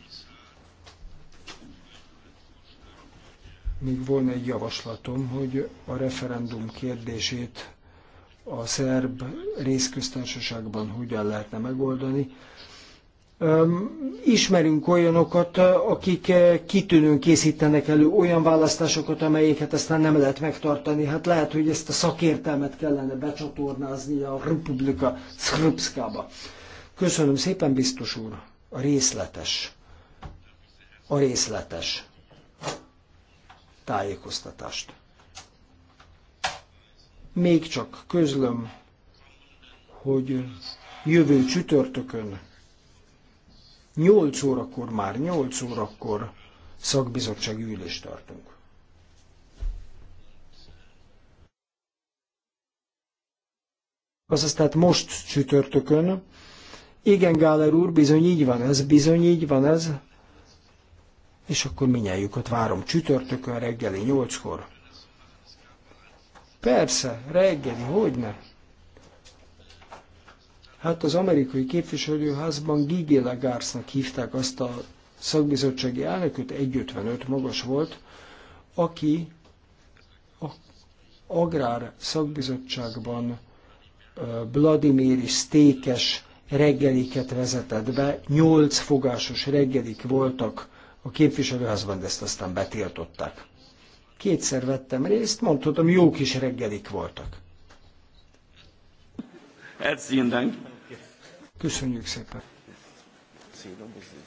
még volna egy javaslatom, hogy a referendum kérdését a szerb részköztársaságban hogyan lehetne megoldani. Ismerünk olyanokat, akik eh, kitűnően készítenek elő olyan választásokat, amelyeket aztán nem lehet megtartani. Hát lehet, hogy ezt a szakértelmet kellene becsatornázni a Republika Srpskába. Köszönöm szépen, biztos úr, a részletes. A részletes tájékoztatást. Még csak közlöm, hogy jövő csütörtökön 8 órakor, már 8 órakor szakbizottsági ülést tartunk. Azaz tehát most csütörtökön. Igen, Gáler úr, bizony így van ez, bizony így van ez és akkor ott várom csütörtökön reggeli nyolckor. Persze, reggeli, hogy ne? Hát az amerikai képviselőházban Gigi Lagarsnak hívták azt a szakbizottsági elnököt, 1,55 magas volt, aki a Agrár szakbizottságban Vladimir és Stékes reggeliket vezetett be, nyolc fogásos reggelik voltak a képviselőházban, ezt aztán betiltották. Kétszer vettem részt, mondhatom, jó kis reggelik voltak. Herzlichen Köszönjük szépen. Szépen.